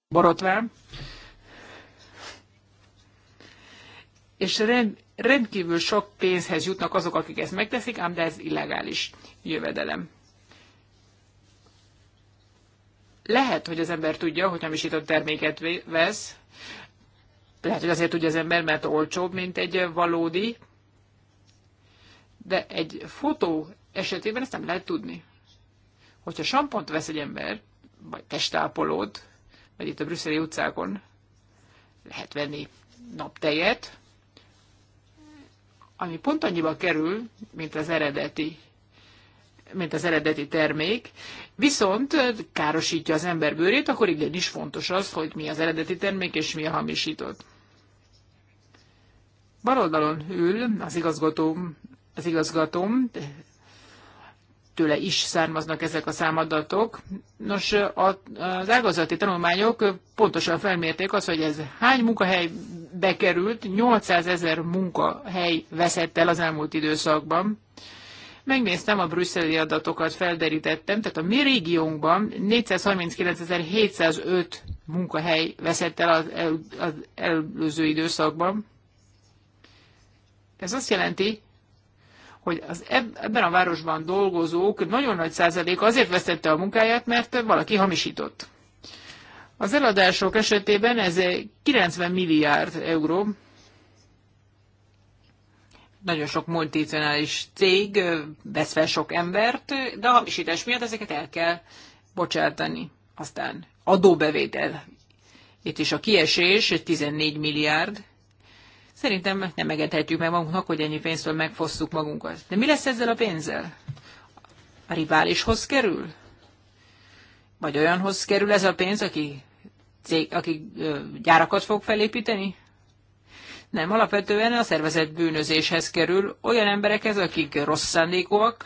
borotvám, és rend, rendkívül sok pénzhez jutnak azok, akik ezt megteszik, ám de ez illegális jövedelem. Lehet, hogy az ember tudja, hogy hamisított terméket vesz, lehet, hogy azért tudja az ember, mert olcsóbb, mint egy valódi, de egy fotó esetében ezt nem lehet tudni. Hogyha sampont vesz egy ember, vagy testápolót, vagy itt a brüsszeli utcákon lehet venni naptejet, ami pont annyiba kerül, mint az eredeti mint az eredeti termék, viszont károsítja az ember bőrét, akkor igenis fontos az, hogy mi az eredeti termék és mi a hamisított. Baloldalon ül az igazgatóm, az igazgatóm, tőle is származnak ezek a számadatok. Nos, az ágazati tanulmányok pontosan felmérték azt, hogy ez hány munkahely bekerült, 800 ezer munkahely veszett el az elmúlt időszakban. Megnéztem a brüsszeli adatokat, felderítettem, tehát a mi régiónkban 439.705 munkahely veszett el az, el, az előző időszakban. Ez azt jelenti, hogy az ebben a városban dolgozók nagyon nagy százaléka azért vesztette a munkáját, mert valaki hamisított. Az eladások esetében ez 90 milliárd euró. Nagyon sok multinacionális cég vesz fel sok embert, de a hamisítás miatt ezeket el kell bocsátani. Aztán adóbevétel. Itt is a kiesés 14 milliárd Szerintem nem engedhetjük meg magunknak, hogy ennyi pénztől megfosszuk magunkat. De mi lesz ezzel a pénzzel? A riválishoz kerül? Vagy olyanhoz kerül ez a pénz, aki, cég, aki gyárakat fog felépíteni? Nem, alapvetően a szervezet bűnözéshez kerül olyan emberekhez, akik rossz szándékúak.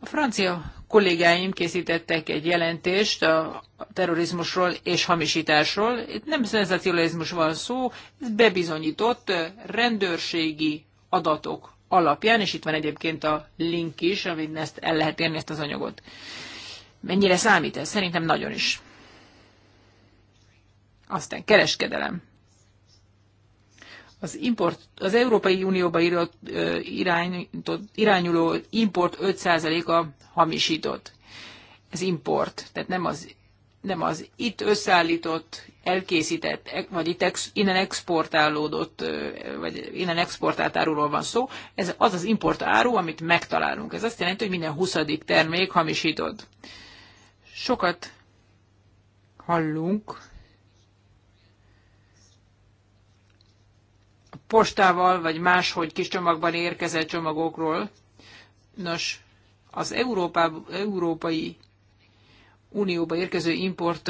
A francia kollégáim készítettek egy jelentést a terrorizmusról és hamisításról. Itt nem szenzacionalizmus van szó, ez bebizonyított rendőrségi adatok alapján, és itt van egyébként a link is, amit ezt el lehet érni ezt az anyagot. Mennyire számít ez? Szerintem nagyon is. Aztán kereskedelem az, import, az Európai Unióba irányuló import 5%-a hamisított. Ez import, tehát nem az, nem az itt összeállított, elkészített, e, vagy itt ex, innen exportálódott, vagy innen exportált áruról van szó. Ez az az import áru, amit megtalálunk. Ez azt jelenti, hogy minden 20. termék hamisított. Sokat hallunk postával, vagy máshogy kis csomagban érkezett csomagokról. Nos, az Európa, Európai Unióba érkező import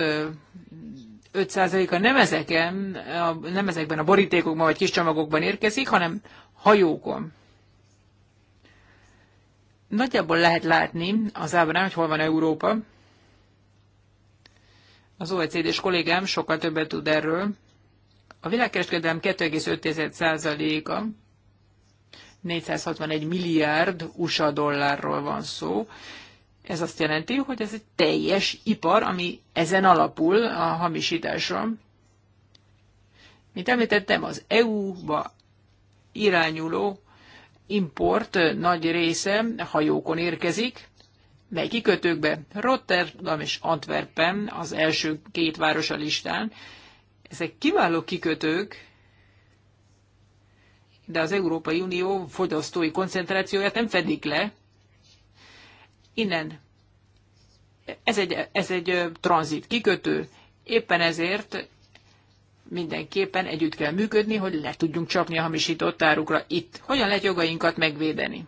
5%-a nem, ezeken, nem ezekben a borítékokban vagy kis csomagokban érkezik, hanem hajókon. Nagyjából lehet látni az ábrán, hogy hol van Európa. Az OECD-s kollégám sokkal többet tud erről. A világkereskedelem 2,5%-a, 461 milliárd USA dollárról van szó. Ez azt jelenti, hogy ez egy teljes ipar, ami ezen alapul a hamisításon. Mint említettem, az EU-ba irányuló import nagy része hajókon érkezik, mely kikötőkbe Rotterdam és Antwerpen az első két város a listán, ezek kiváló kikötők, de az Európai Unió fogyasztói koncentrációját nem fedik le. Innen ez egy, ez egy tranzit kikötő, éppen ezért mindenképpen együtt kell működni, hogy le tudjunk csapni a hamisított árukra itt. Hogyan lehet jogainkat megvédeni?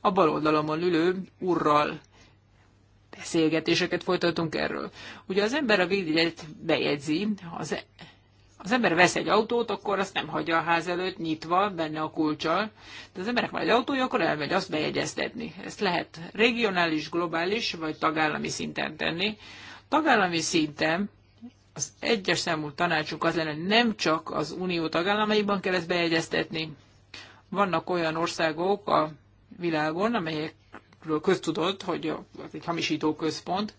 A bal oldalomon ülő urral beszélgetéseket folytatunk erről. Ugye az ember a védjegyet bejegyzi, ha az, e- az ember vesz egy autót, akkor azt nem hagyja a ház előtt nyitva, benne a kulcsal, de az emberek van egy autója, akkor elmegy azt bejegyeztetni. Ezt lehet regionális, globális vagy tagállami szinten tenni. Tagállami szinten az egyes számú tanácsunk az lenne, nem csak az unió tagállamaiban kell ezt bejegyeztetni. Vannak olyan országok a világon, amelyek köztudott, hogy az egy hamisító központ,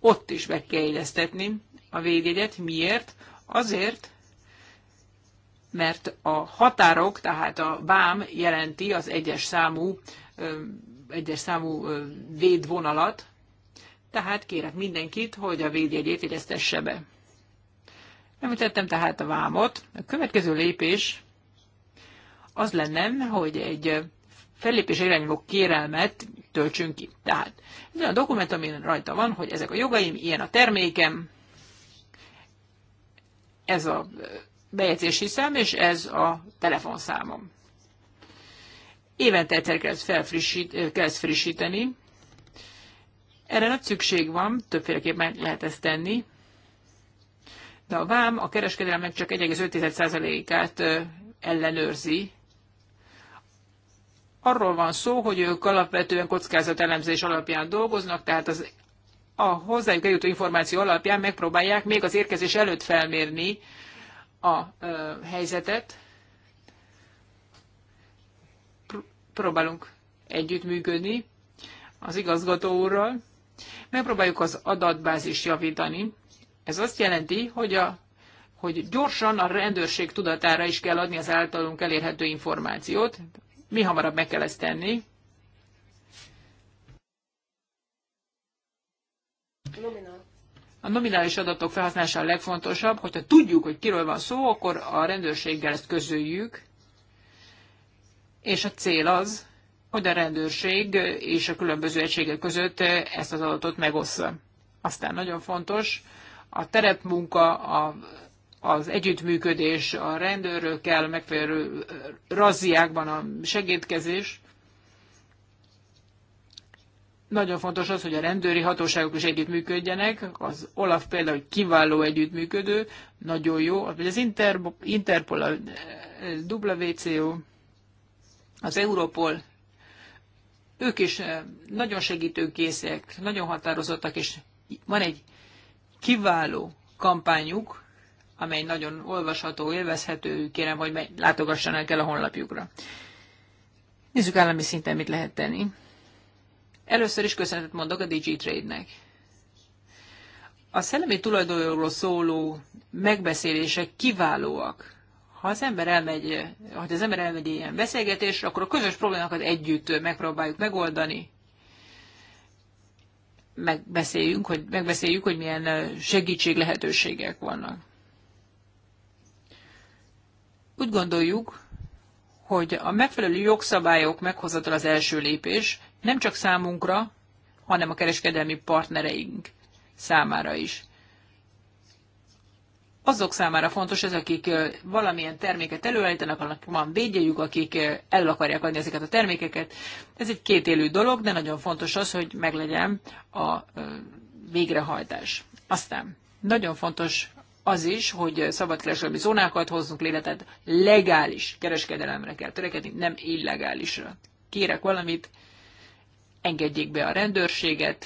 ott is be kell illesztetni a védjegyet. Miért? Azért, mert a határok, tehát a vám jelenti az egyes számú, egyes számú védvonalat, tehát kérek mindenkit, hogy a védjegyét éreztesse be. Említettem tehát a vámot. A következő lépés az lenne, hogy egy fellépés irányuló kérelmet töltsünk ki. Tehát ez olyan dokumentum, amin rajta van, hogy ezek a jogaim, ilyen a termékem, ez a bejegyzési szám, és ez a telefonszámom. Évente egyszer kell felfrissít, kell ezt frissíteni. Erre nagy szükség van, többféleképpen lehet ezt tenni, de a vám a kereskedelemnek csak 1,5%-át ellenőrzi, arról van szó, hogy ők alapvetően kockázatelemzés alapján dolgoznak, tehát az, a hozzájuk eljutó információ alapján megpróbálják még az érkezés előtt felmérni a ö, helyzetet. Pr próbálunk együttműködni az igazgató úrral. Megpróbáljuk az adatbázis javítani. Ez azt jelenti, hogy, a, hogy gyorsan a rendőrség tudatára is kell adni az általunk elérhető információt mi hamarabb meg kell ezt tenni. A nominális adatok felhasználása a legfontosabb, hogyha tudjuk, hogy kiről van szó, akkor a rendőrséggel ezt közöljük, és a cél az, hogy a rendőrség és a különböző egységek között ezt az adatot megossza. Aztán nagyon fontos, a terepmunka, a az együttműködés a rendőrökkel, megfelelő razziákban a segítkezés. Nagyon fontos az, hogy a rendőri hatóságok is együttműködjenek. Az Olaf például kiváló együttműködő, nagyon jó. Az Interpol, a eh, WCO, az Europol, ők is eh, nagyon segítőkészek, nagyon határozottak, és van egy kiváló kampányuk, amely nagyon olvasható, élvezhető, kérem, hogy látogassanak el a honlapjukra. Nézzük állami szinten, mit lehet tenni. Először is köszönetet mondok a DigiTrade-nek. A szellemi tulajdonjogról szóló megbeszélések kiválóak. Ha az ember elmegy, ha az ember elmegy ilyen beszélgetésre, akkor a közös problémákat együtt megpróbáljuk megoldani, megbeszéljünk, hogy, megbeszéljük, hogy milyen segítség lehetőségek vannak. Úgy gondoljuk, hogy a megfelelő jogszabályok meghozatal az első lépés nem csak számunkra, hanem a kereskedelmi partnereink számára is. Azok számára fontos ez, akik valamilyen terméket előállítanak, annak van védjeljük, akik el akarják adni ezeket a termékeket. Ez egy kétélű dolog, de nagyon fontos az, hogy meglegyen a végrehajtás. Aztán nagyon fontos az is, hogy kereskedelmi zónákat hozzunk létre, tehát legális kereskedelemre kell törekedni, nem illegálisra. Kérek valamit, engedjék be a rendőrséget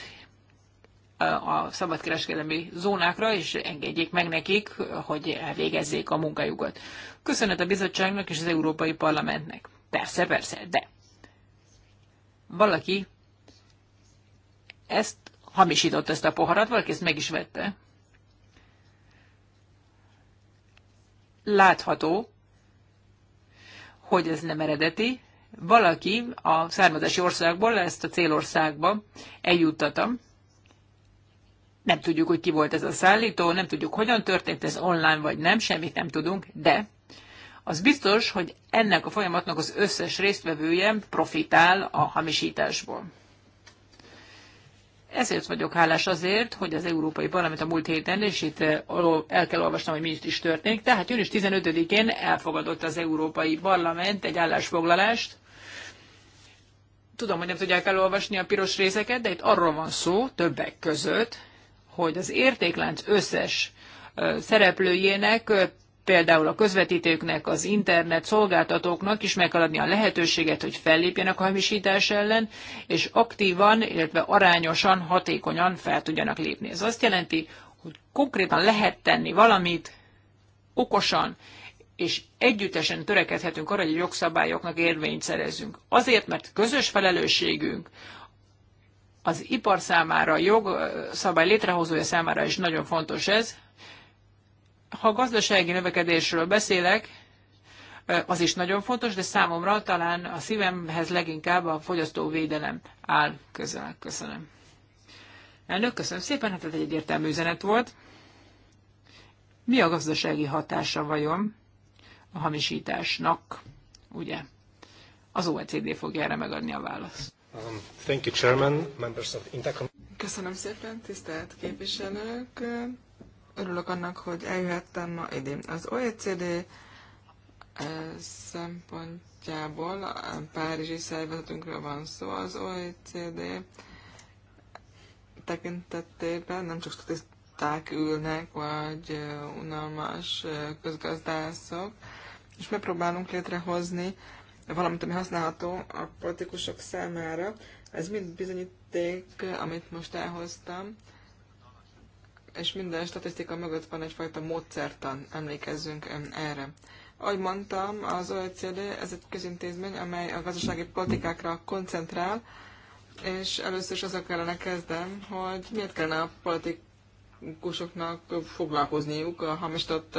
a kereskedelmi zónákra, és engedjék meg nekik, hogy elvégezzék a munkájukat. Köszönet a bizottságnak és az Európai Parlamentnek. Persze, persze, de valaki ezt hamisított ezt a poharat, valaki ezt meg is vette. látható, hogy ez nem eredeti. Valaki a származási országból ezt a célországba eljuttatam. Nem tudjuk, hogy ki volt ez a szállító, nem tudjuk, hogyan történt ez online vagy nem, semmit nem tudunk, de az biztos, hogy ennek a folyamatnak az összes résztvevője profitál a hamisításból. Ezért vagyok hálás azért, hogy az Európai Parlament a múlt héten, és itt eh, el kell olvasnom, hogy mi is történik, tehát június 15-én elfogadott az Európai Parlament egy állásfoglalást. Tudom, hogy nem tudják elolvasni a piros részeket, de itt arról van szó többek között, hogy az értéklánc összes eh, szereplőjének eh, például a közvetítőknek, az internet szolgáltatóknak is meg kell adni a lehetőséget, hogy fellépjenek a hamisítás ellen, és aktívan, illetve arányosan, hatékonyan fel tudjanak lépni. Ez azt jelenti, hogy konkrétan lehet tenni valamit okosan, és együttesen törekedhetünk arra, hogy a jogszabályoknak érvényt szerezzünk. Azért, mert közös felelősségünk az ipar számára, a jogszabály létrehozója számára is nagyon fontos ez, ha gazdasági növekedésről beszélek, az is nagyon fontos, de számomra talán a szívemhez leginkább a fogyasztóvédelem áll közel. Köszönöm. Elnök, köszönöm szépen, hát ez egy egyértelmű üzenet volt. Mi a gazdasági hatása vajon a hamisításnak, ugye? Az OECD fogja erre megadni a választ. Um, thank you, Chairman, members of Intercom. Köszönöm szépen, tisztelt képviselők örülök annak, hogy eljöhettem ma idén. Az OECD eh, szempontjából a eh, párizsi szervezetünkről van szó, az OECD tekintetében nem csak statiszták ülnek, vagy eh, unalmas közgazdászok, és megpróbálunk létrehozni valamit, ami használható a politikusok számára. Ez mind bizonyíték, amit most elhoztam és minden statisztika mögött van egyfajta módszertan, emlékezzünk erre. Ahogy mondtam, az OECD ez egy közintézmény, amely a gazdasági politikákra koncentrál, és először is azok kellene kezdem, hogy miért kellene a politikusoknak foglalkozniuk a hamisított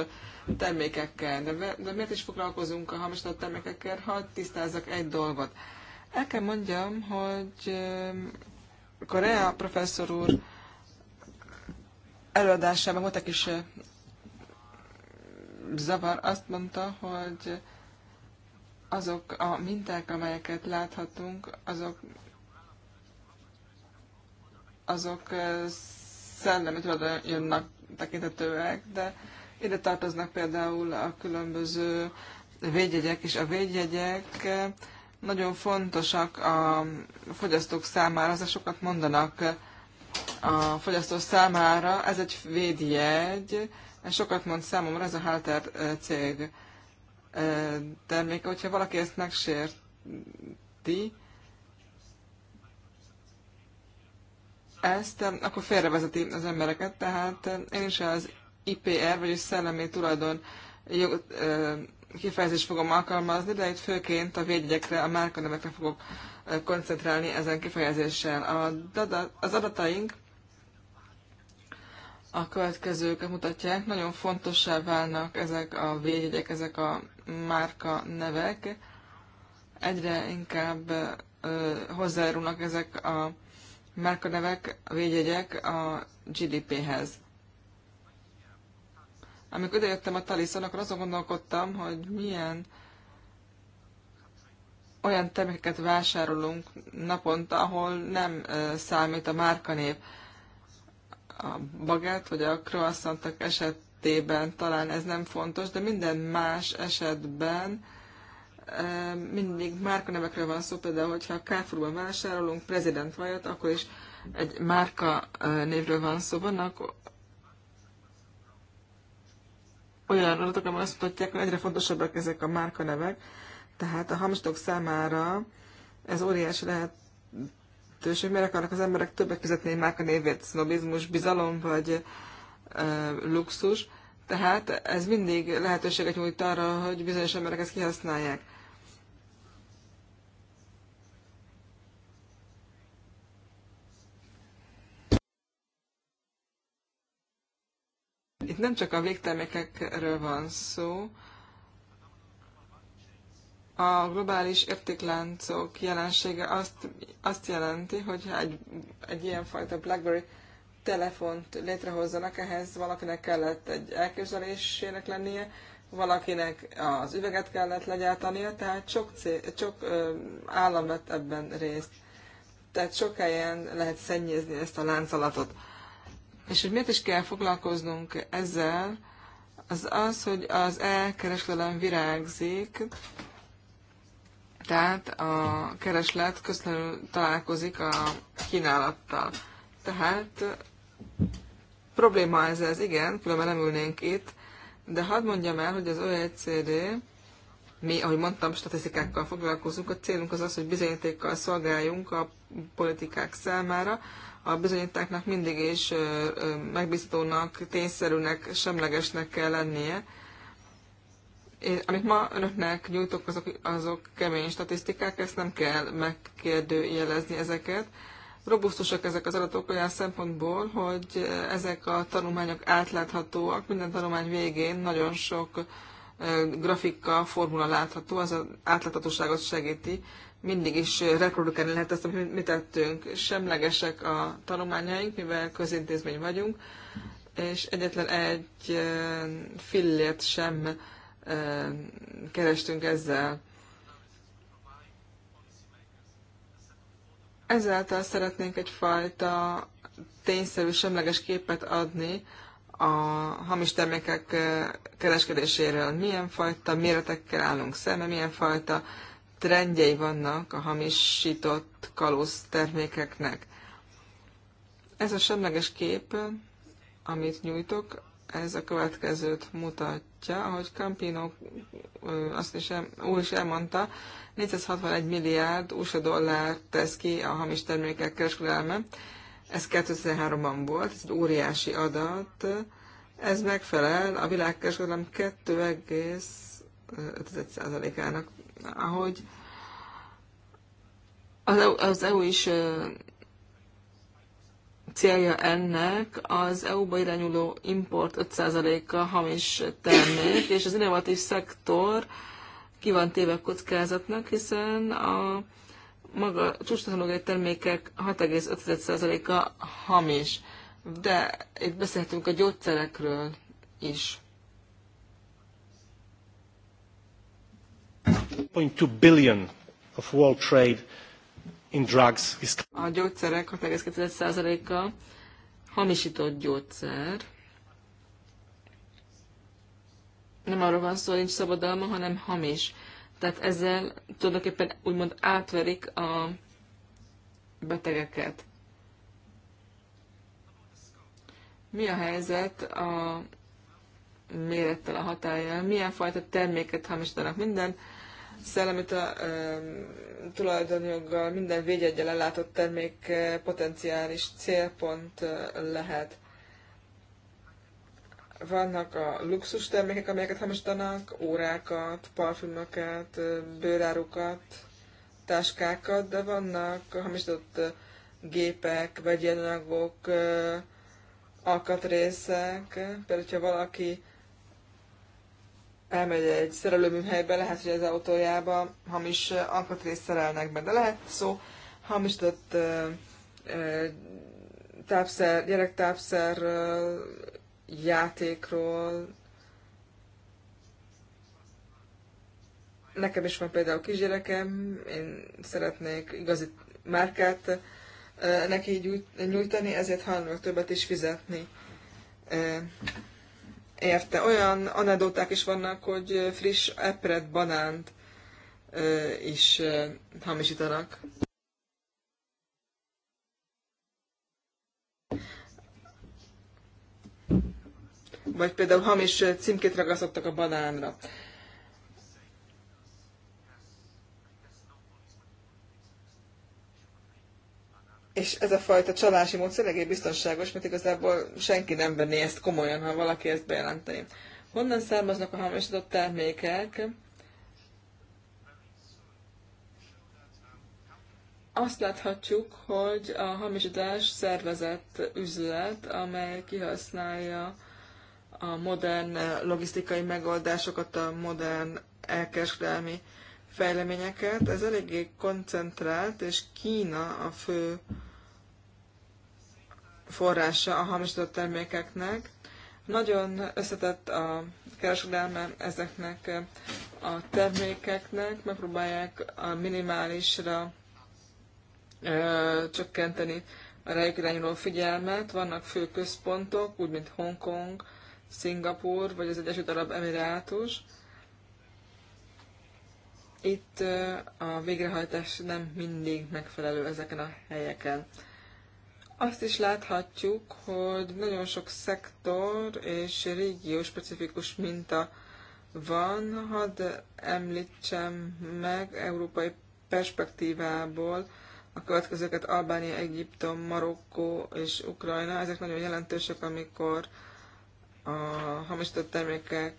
termékekkel. De, de miért is foglalkozunk a hamisított termékekkel, ha tisztázzak egy dolgot. El kell mondjam, hogy Korea professzor úr előadásában egy is zavar. Azt mondta, hogy azok a minták, amelyeket láthatunk, azok azok szellemi jönnek tekintetőek, de ide tartoznak például a különböző védjegyek, és a védjegyek nagyon fontosak a fogyasztók számára, az sokat mondanak a fogyasztó számára. Ez egy védjegy, ez sokat mond számomra, ez a Halter cég de még hogyha valaki ezt megsérti, ezt, akkor félrevezeti az embereket, tehát én is az IPR, vagyis szellemi tulajdon jog, kifejezést fogom alkalmazni, de itt főként a védjegyekre, a márkanevekre fogok koncentrálni ezen kifejezéssel. A dada, az adataink a következők mutatják. Nagyon fontossá válnak ezek a védjegyek, ezek a márka nevek. Egyre inkább hozzájárulnak ezek a márkanevek, a védjegyek a GDP-hez. Amikor idejöttem a Talison, akkor azon gondolkodtam, hogy milyen olyan termékeket vásárolunk naponta, ahol nem számít a márkanév a bagát vagy a croissantok esetében talán ez nem fontos, de minden más esetben mindig márkanevekről van szó, például, hogyha a Carrefourban vásárolunk prezident vajat, akkor is egy márka névről van szó. Vannak olyan adatok, amelyek azt mutatják, hogy egyre fontosabbak ezek a márkanevek, tehát a hamstok számára ez óriási lehet hogy Miért akarnak az emberek többet fizetni márka névért? Sznobizmus, bizalom vagy ö, luxus? Tehát ez mindig lehetőséget nyújt arra, hogy bizonyos emberek ezt kihasználják. Itt nem csak a végtermékekről van szó, a globális értékláncok jelensége azt, azt jelenti, hogy egy, egy ilyenfajta BlackBerry telefont létrehozzanak, ehhez valakinek kellett egy elképzelésének lennie, valakinek az üveget kellett legyártania, tehát sok, cél, sok ö, állam vett ebben részt. Tehát sok helyen lehet szennyezni ezt a láncolatot. És hogy miért is kell foglalkoznunk ezzel, az az, hogy az elkereskedelem virágzik, tehát a kereslet közvetlenül találkozik a kínálattal. Tehát probléma ez, ez igen, különben nem ülnénk itt, de hadd mondjam el, hogy az OECD, mi, ahogy mondtam, statisztikákkal foglalkozunk, a célunk az az, hogy bizonyítékkal szolgáljunk a politikák számára, a bizonyítáknak mindig is megbízhatónak, tényszerűnek, semlegesnek kell lennie, én, amit ma önöknek nyújtok, azok, azok kemény statisztikák, ezt nem kell megkérdőjelezni ezeket. Robusztusak ezek az adatok olyan szempontból, hogy ezek a tanulmányok átláthatóak, minden tanulmány végén nagyon sok eh, grafika, formula látható, az átláthatóságot segíti. Mindig is reprodukálni lehet ezt, amit mi tettünk. Semlegesek a tanulmányaink, mivel közintézmény vagyunk, és egyetlen egy eh, fillért sem kerestünk ezzel. Ezáltal szeretnénk egyfajta tényszerű, semleges képet adni a hamis termékek kereskedéséről. Milyen fajta méretekkel állunk szembe, milyen fajta trendjei vannak a hamisított kalóz termékeknek. Ez a semleges kép, amit nyújtok, ez a következőt mutatja, ahogy Campino azt is, el, úr is elmondta, 461 milliárd USA dollár tesz ki a hamis termékek kereskedelme. Ez 2003-ban volt, ez egy óriási adat. Ez megfelel a világkereskedelem 2,5%-ának, ahogy az EU, az EU is célja ennek az EU-ba irányuló import 5%-a hamis termék, és az innovatív szektor ki van téve kockázatnak, hiszen a maga csúcstechnológiai termékek 6,5%-a hamis. De itt beszélhetünk a gyógyszerekről is. 2 billion of world trade in drugs is... A gyógyszerek 6,2%-a hamisított gyógyszer. Nem arról van szó, nincs szabadalma, hanem hamis. Tehát ezzel tulajdonképpen úgymond átverik a betegeket. Mi a helyzet a mérettel, a hatája? Milyen fajta terméket hamisítanak minden? szellemi tulajdonjoggal, minden védjegyel ellátott termék eh, potenciális célpont eh, lehet. Vannak a luxus termékek, amelyeket hamisítanak, órákat, parfümöket, eh, bőrárukat, táskákat, de vannak hamisított gépek, vegyi anyagok, alkatrészek, például, hogyha valaki elmegy egy szerelőműhelybe, lehet, hogy az autójába hamis alkatrészt szerelnek be, de lehet szó hamisított tápszer, gyerektápszer játékról. Nekem is van például kisgyerekem, én szeretnék igazi márkát neki nyújtani, ezért hajlandók többet is fizetni érte. Olyan anedóták is vannak, hogy friss epret banánt is hamisítanak. Vagy például hamis címkét ragasztottak a banánra. és ez a fajta csalási módszer eléggé biztonságos, mert igazából senki nem venné ezt komolyan, ha valaki ezt bejelenteni. Honnan származnak a hamisított termékek? Azt láthatjuk, hogy a hamisítás szervezett üzlet, amely kihasználja a modern logisztikai megoldásokat, a modern elkereskedelmi fejleményeket. Ez eléggé koncentrált, és Kína a fő forrása a hamisított termékeknek. Nagyon összetett a kereskedelme ezeknek a termékeknek, megpróbálják a minimálisra ö, csökkenteni a rájuk irányuló figyelmet. Vannak fő központok, úgy mint Hongkong, Szingapur vagy az Egyesült Arab Emirátus. Itt a végrehajtás nem mindig megfelelő ezeken a helyeken. Azt is láthatjuk, hogy nagyon sok szektor és régió specifikus minta van. Hadd említsem meg európai perspektívából a következőket Albánia, Egyiptom, Marokkó és Ukrajna. Ezek nagyon jelentősek, amikor a hamisított termékek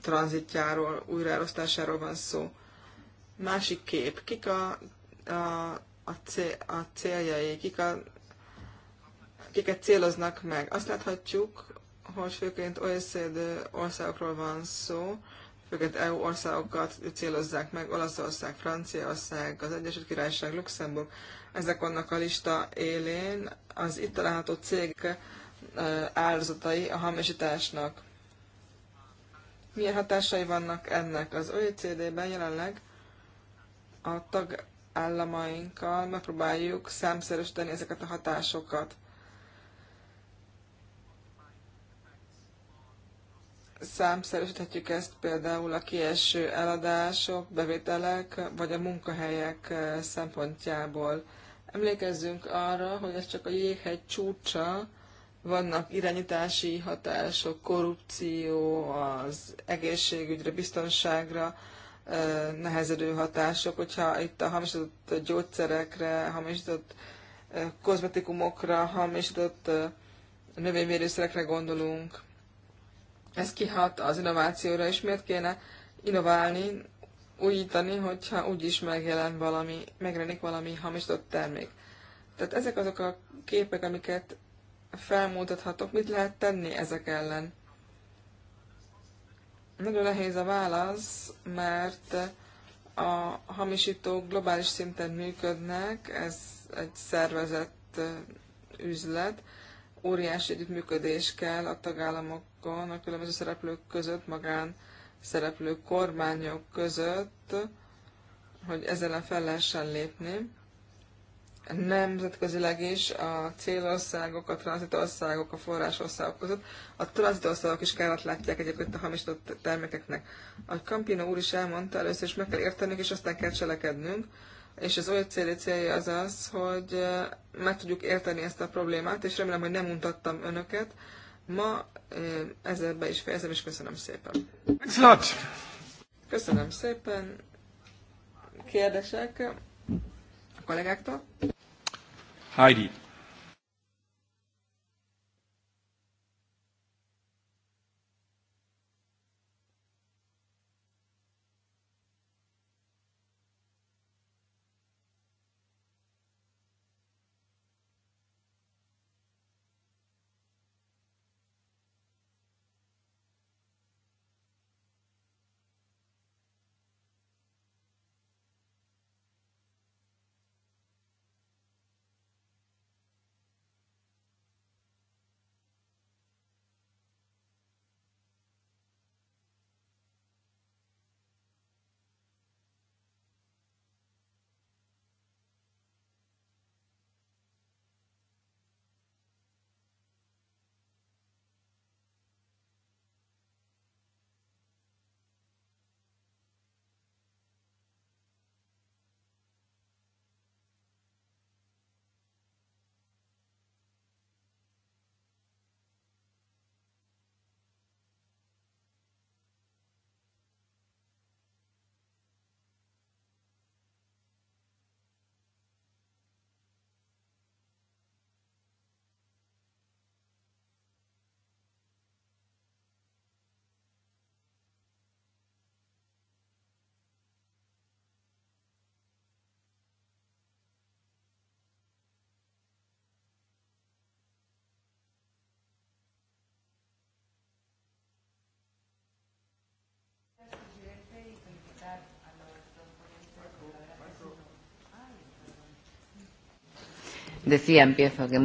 tranzitjáról, újraelosztásáról van szó. Másik kép. Kik a, a a, cél, a céljai, kik a, kiket céloznak meg. Azt láthatjuk, hogy főként OECD országokról van szó, főként EU országokat célozzák meg, Olaszország, Franciaország, az Egyesült Királyság, Luxemburg, ezek vannak a lista élén, az itt található cégek áldozatai a hamisításnak. Milyen hatásai vannak ennek? Az OECD-ben jelenleg a tag államainkkal megpróbáljuk számszerűsíteni ezeket a hatásokat. Számszerűsíthetjük ezt például a kieső eladások, bevételek vagy a munkahelyek eh, szempontjából. Emlékezzünk arra, hogy ez csak a jéghegy csúcsa, vannak irányítási hatások, korrupció, az egészségügyre, biztonságra, nehezedő hatások, hogyha itt a hamisított gyógyszerekre, hamisított kozmetikumokra, hamisított növényvédőszerekre gondolunk. Ez kihat az innovációra, és miért kéne innoválni, újítani, hogyha úgyis megjelen valami, megjelenik valami hamisított termék. Tehát ezek azok a képek, amiket felmutathatok, mit lehet tenni ezek ellen. Nagyon nehéz a válasz, mert a hamisítók globális szinten működnek, ez egy szervezett üzlet, óriási együttműködés kell a tagállamokon, a különböző szereplők között, magán szereplők, kormányok között, hogy ezzel fel lehessen lépni nemzetközileg is a célországok, a tranzitországok, a forrásországok között. A tranzitországok is kárat látják egyébként a hamisított termékeknek. A Campino úr is elmondta, először is meg kell értenünk, és aztán kell cselekednünk. És az OECD célja az az, hogy meg tudjuk érteni ezt a problémát, és remélem, hogy nem mutattam önöket. Ma ezzel be is fejezem, és köszönöm szépen. Köszönöm szépen. Kérdések? a kollégáktól. Heidi. decía, empiezo que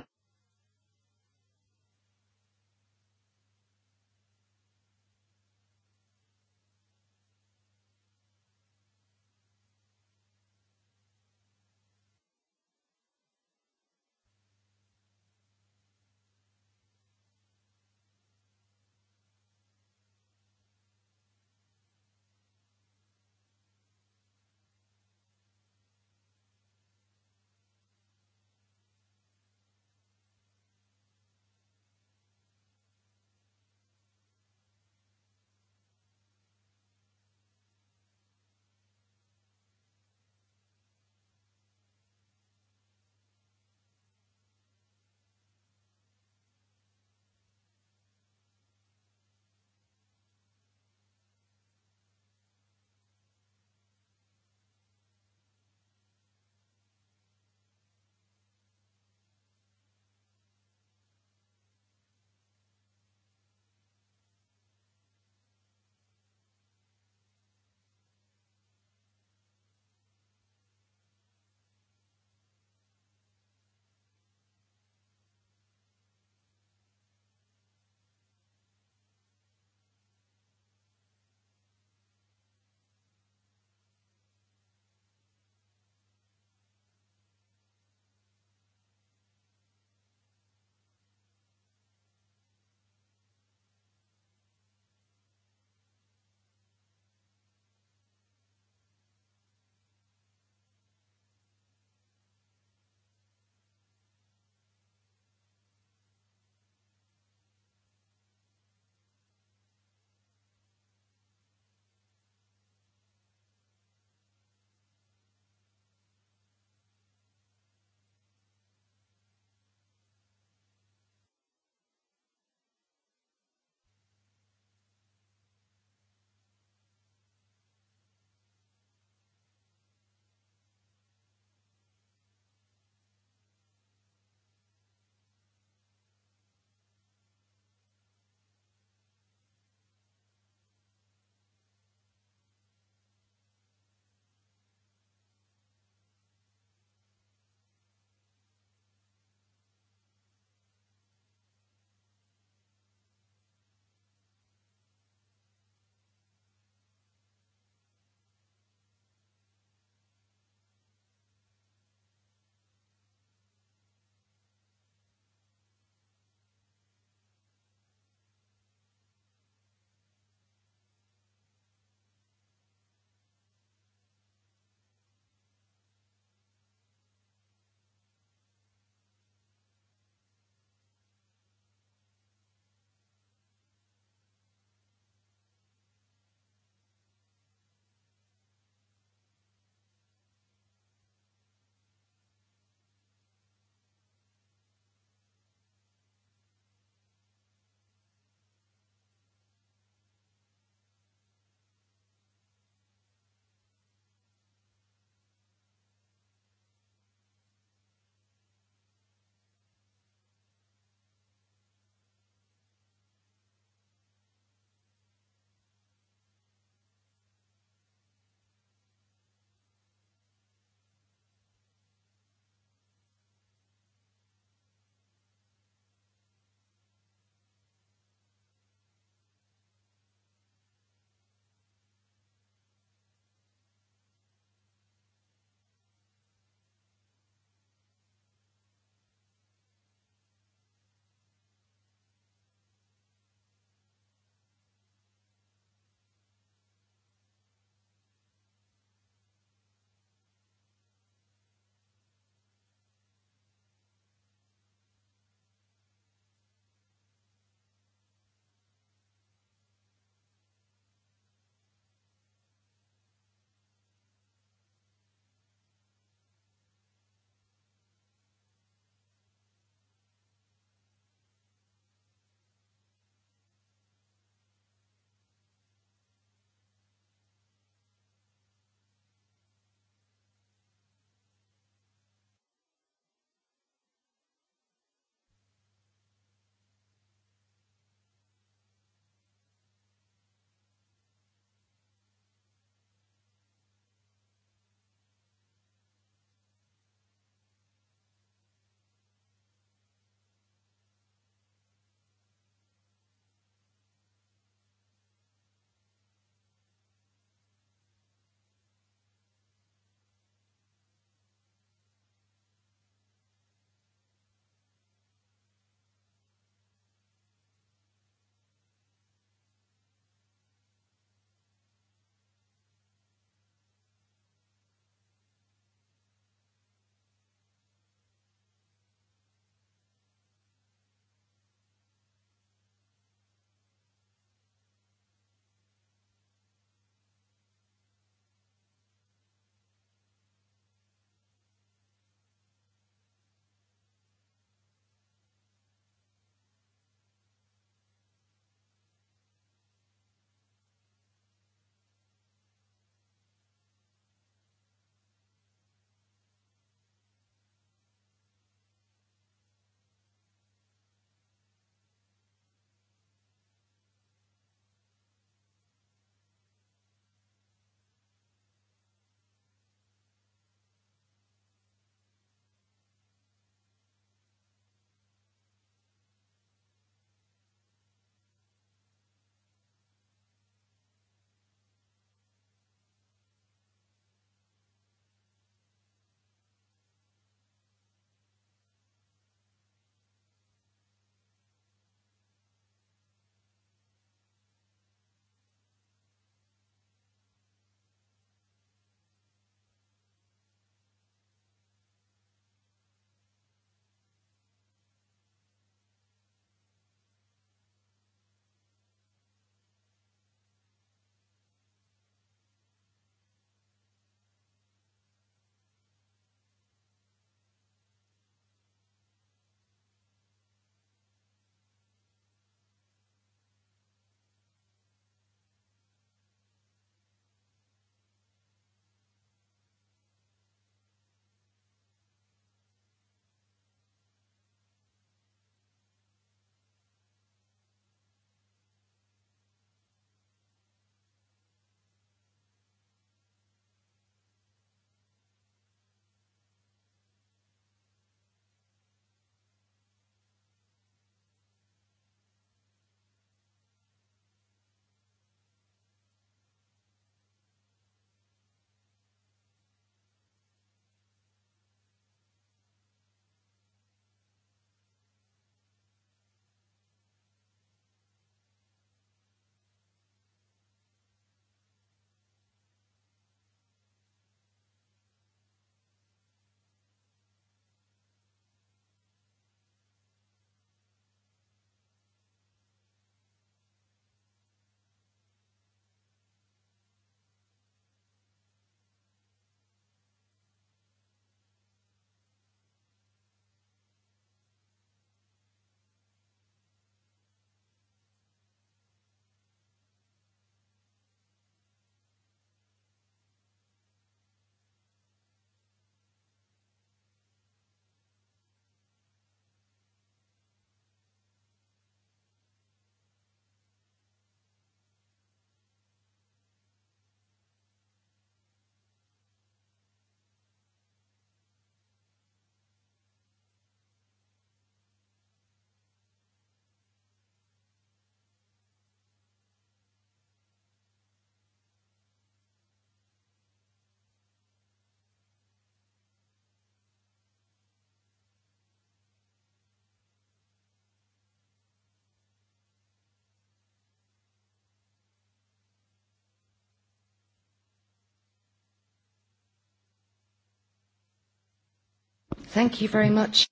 Thank you very much.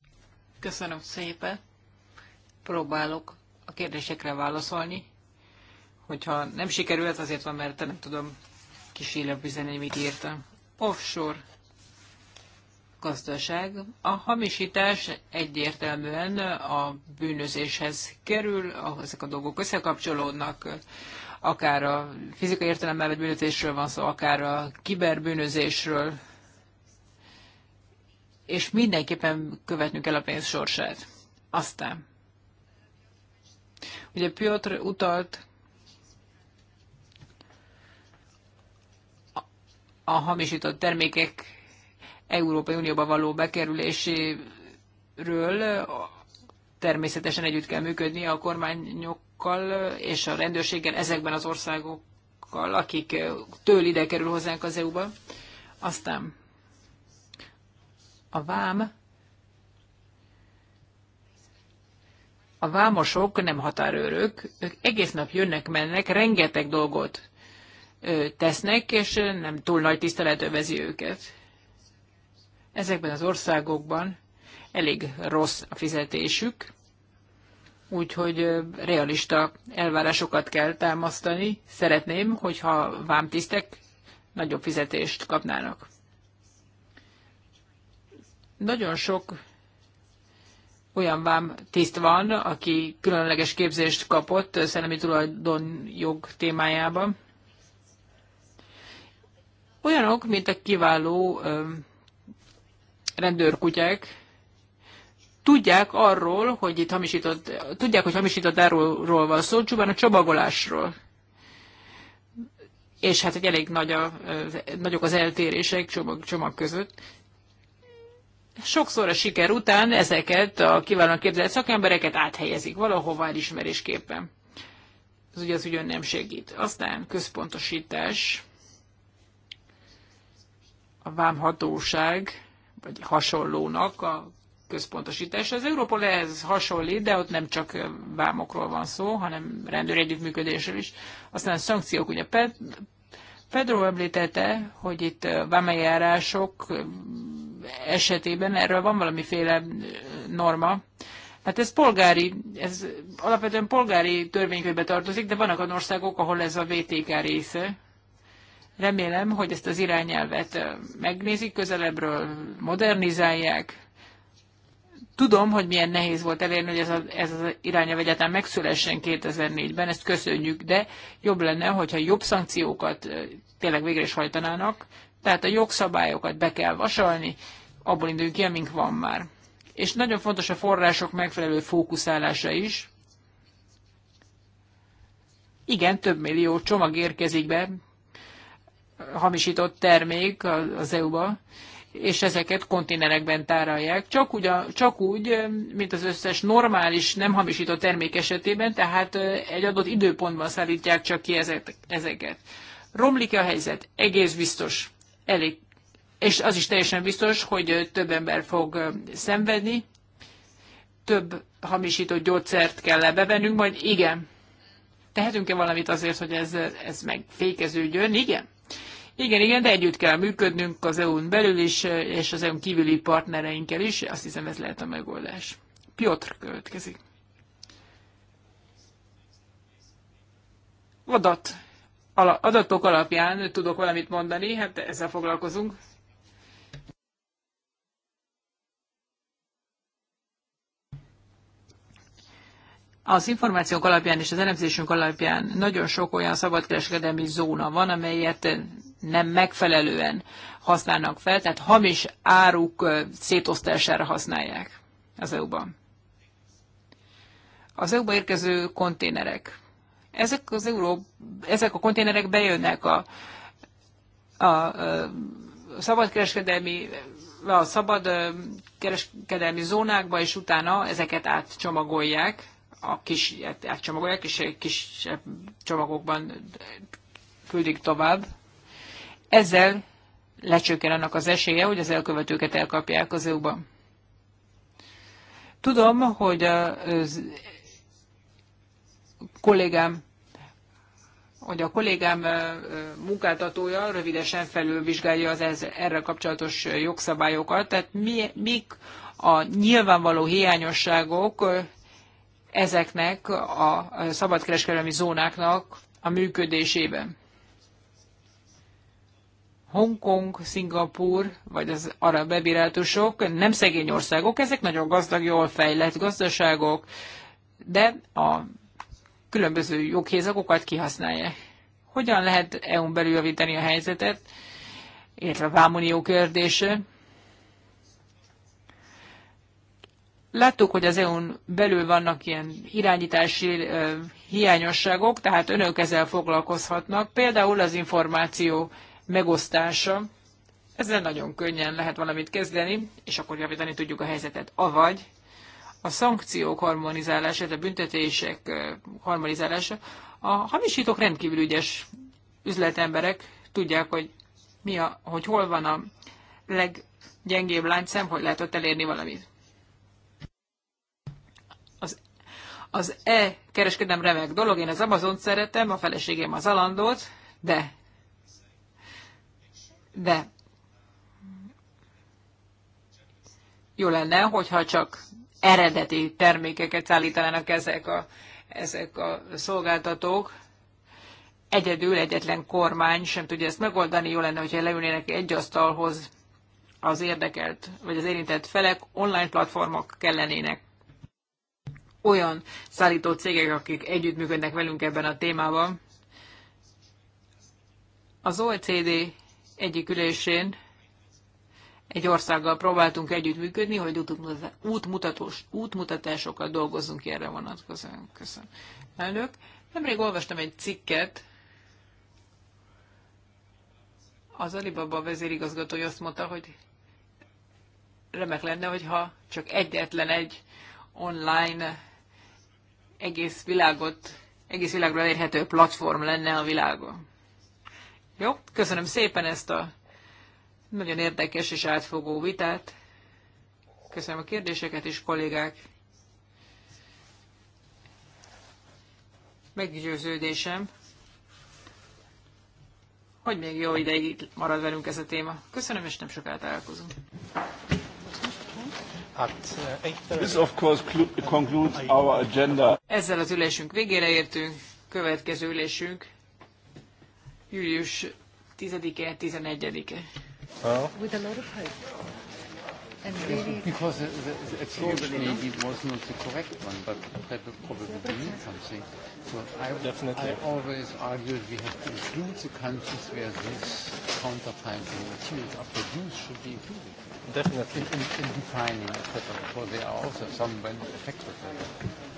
Köszönöm szépen. Próbálok a kérdésekre válaszolni. Hogyha nem sikerül, ez hát azért van, mert nem tudom üzenni, mit írtam. Offshore gazdaság. A hamisítás egyértelműen a bűnözéshez kerül, ezek a dolgok összekapcsolódnak, akár a fizikai értelemben vett bűnözésről van szó, akár a kiberbűnözésről, és mindenképpen követnünk kell a pénz sorsát. Aztán. Ugye Piotr utalt a hamisított termékek Európai Unióba való bekerüléséről természetesen együtt kell működni a kormányokkal és a rendőrséggel ezekben az országokkal, akik től ide kerül hozzánk az EU-ba. Aztán a vám a vámosok nem határőrök, ők egész nap jönnek, mennek, rengeteg dolgot tesznek, és nem túl nagy tisztelet övezi őket. Ezekben az országokban elég rossz a fizetésük, úgyhogy realista elvárásokat kell támasztani. Szeretném, hogyha vámtisztek nagyobb fizetést kapnának. Nagyon sok olyan vám tiszt van, aki különleges képzést kapott szellemi tulajdonjog témájában. Olyanok, mint a kiváló rendőrkutyák, tudják arról, hogy itt hamisított, tudják, hogy hamisított áruról van szó, csupán a csomagolásról. És hát egy elég nagy a, nagyok az eltérések csomag, csomag között sokszor a siker után ezeket a kiválóan képzelt szakembereket áthelyezik valahova elismerésképpen. Ez ugye az ugyan nem segít. Aztán központosítás, a vámhatóság, vagy hasonlónak a központosítás. Az Európa lehez hasonlít, de ott nem csak vámokról van szó, hanem rendőr együttműködésről is. Aztán a szankciók, ugye Pedro említette, hogy itt vámeljárások esetében erről van valamiféle norma. Hát ez polgári, ez alapvetően polgári törvénykönyvbe tartozik, de vannak olyan országok, ahol ez a VTK része. Remélem, hogy ezt az irányelvet megnézik közelebbről, modernizálják. Tudom, hogy milyen nehéz volt elérni, hogy ez, a, ez az irányelv egyáltalán megszülessen 2004-ben, ezt köszönjük, de jobb lenne, hogyha jobb szankciókat tényleg végre is hajtanának, tehát a jogszabályokat be kell vasalni, abból induljunk ki, amink van már. És nagyon fontos a források megfelelő fókuszálása is. Igen, több millió csomag érkezik be, hamisított termék az EU-ba, és ezeket konténerekben tárolják, csak úgy, csak úgy, mint az összes normális, nem hamisított termék esetében, tehát egy adott időpontban szállítják csak ki ezeket. Romlik -e a helyzet? Egész biztos elég, és az is teljesen biztos, hogy több ember fog szenvedni, több hamisított gyógyszert kell lebevennünk, majd igen. Tehetünk-e valamit azért, hogy ez, ez megfékeződjön? Igen. Igen, igen, de együtt kell működnünk az EU-n belül is, és az EU-n kívüli partnereinkkel is. Azt hiszem, ez lehet a megoldás. Piotr következik. Adat adatok alapján tudok valamit mondani, hát ezzel foglalkozunk. Az információk alapján és az elemzésünk alapján nagyon sok olyan szabadkereskedelmi zóna van, amelyet nem megfelelően használnak fel, tehát hamis áruk szétosztására használják az EU-ban. Az EU-ba érkező konténerek ezek, az Euró, ezek a konténerek bejönnek a, a, a szabadkereskedelmi a szabad kereskedelmi zónákba, és utána ezeket átcsomagolják, a kis, átcsomagolják, és kis csomagokban küldik tovább. Ezzel lecsökken annak az esélye, hogy az elkövetőket elkapják az EU-ban. Tudom, hogy a kollégám hogy a kollégám munkáltatója rövidesen felülvizsgálja az erre kapcsolatos jogszabályokat, tehát mi, mik a nyilvánvaló hiányosságok ezeknek a szabadkereskedelmi zónáknak a működésében. Hongkong, Szingapur vagy az arab emirátusok nem szegény országok, ezek nagyon gazdag, jól fejlett gazdaságok, de a különböző joghézagokat kihasználják. Hogyan lehet EU-n belül javítani a helyzetet, illetve a vámunió kérdése? Láttuk, hogy az EU-n belül vannak ilyen irányítási hiányosságok, tehát önök ezzel foglalkozhatnak. Például az információ megosztása. Ezzel nagyon könnyen lehet valamit kezdeni, és akkor javítani tudjuk a helyzetet. Avagy a szankciók harmonizálása, a büntetések harmonizálása. A hamisítók rendkívül ügyes üzletemberek tudják, hogy, mi a, hogy hol van a leggyengébb láncszem, hogy lehet ott elérni valamit. Az, az e kereskedem remek dolog, én az Amazon szeretem, a feleségem az Alandót, de de jó lenne, hogyha csak eredeti termékeket szállítanának ezek a, ezek a szolgáltatók. Egyedül egyetlen kormány sem tudja ezt megoldani. Jó lenne, hogyha leülnének egy asztalhoz az érdekelt, vagy az érintett felek, online platformok kellenének. Olyan szállító cégek, akik együttműködnek velünk ebben a témában. Az OECD egyik ülésén egy országgal próbáltunk együttműködni, hogy útmutatós, útmutatásokkal dolgozzunk ki erre vonatkozóan. Köszönöm. Elnök, nemrég olvastam egy cikket, az Alibaba vezérigazgatója azt mondta, hogy remek lenne, hogyha csak egyetlen egy online egész világot, egész világra elérhető platform lenne a világon. Jó, köszönöm szépen ezt a nagyon érdekes és átfogó vitát. Köszönöm a kérdéseket is, kollégák. Meggyőződésem, hogy még jó ideig marad velünk ez a téma. Köszönöm, és nem sokára találkozunk. Hát, eh, This of course concludes our agenda. Ezzel az ülésünk végére értünk. Következő ülésünk július 10-e, 11-e. Oh. With a lot of hope. And really because the, the, the approach was not the correct one, but that would probably mean something. So I, Definitely. I always argued we have to include the countries where these counterfeiting materials are produced should be included. Definitely. In, in, defining, etc., because they are also some affected by that.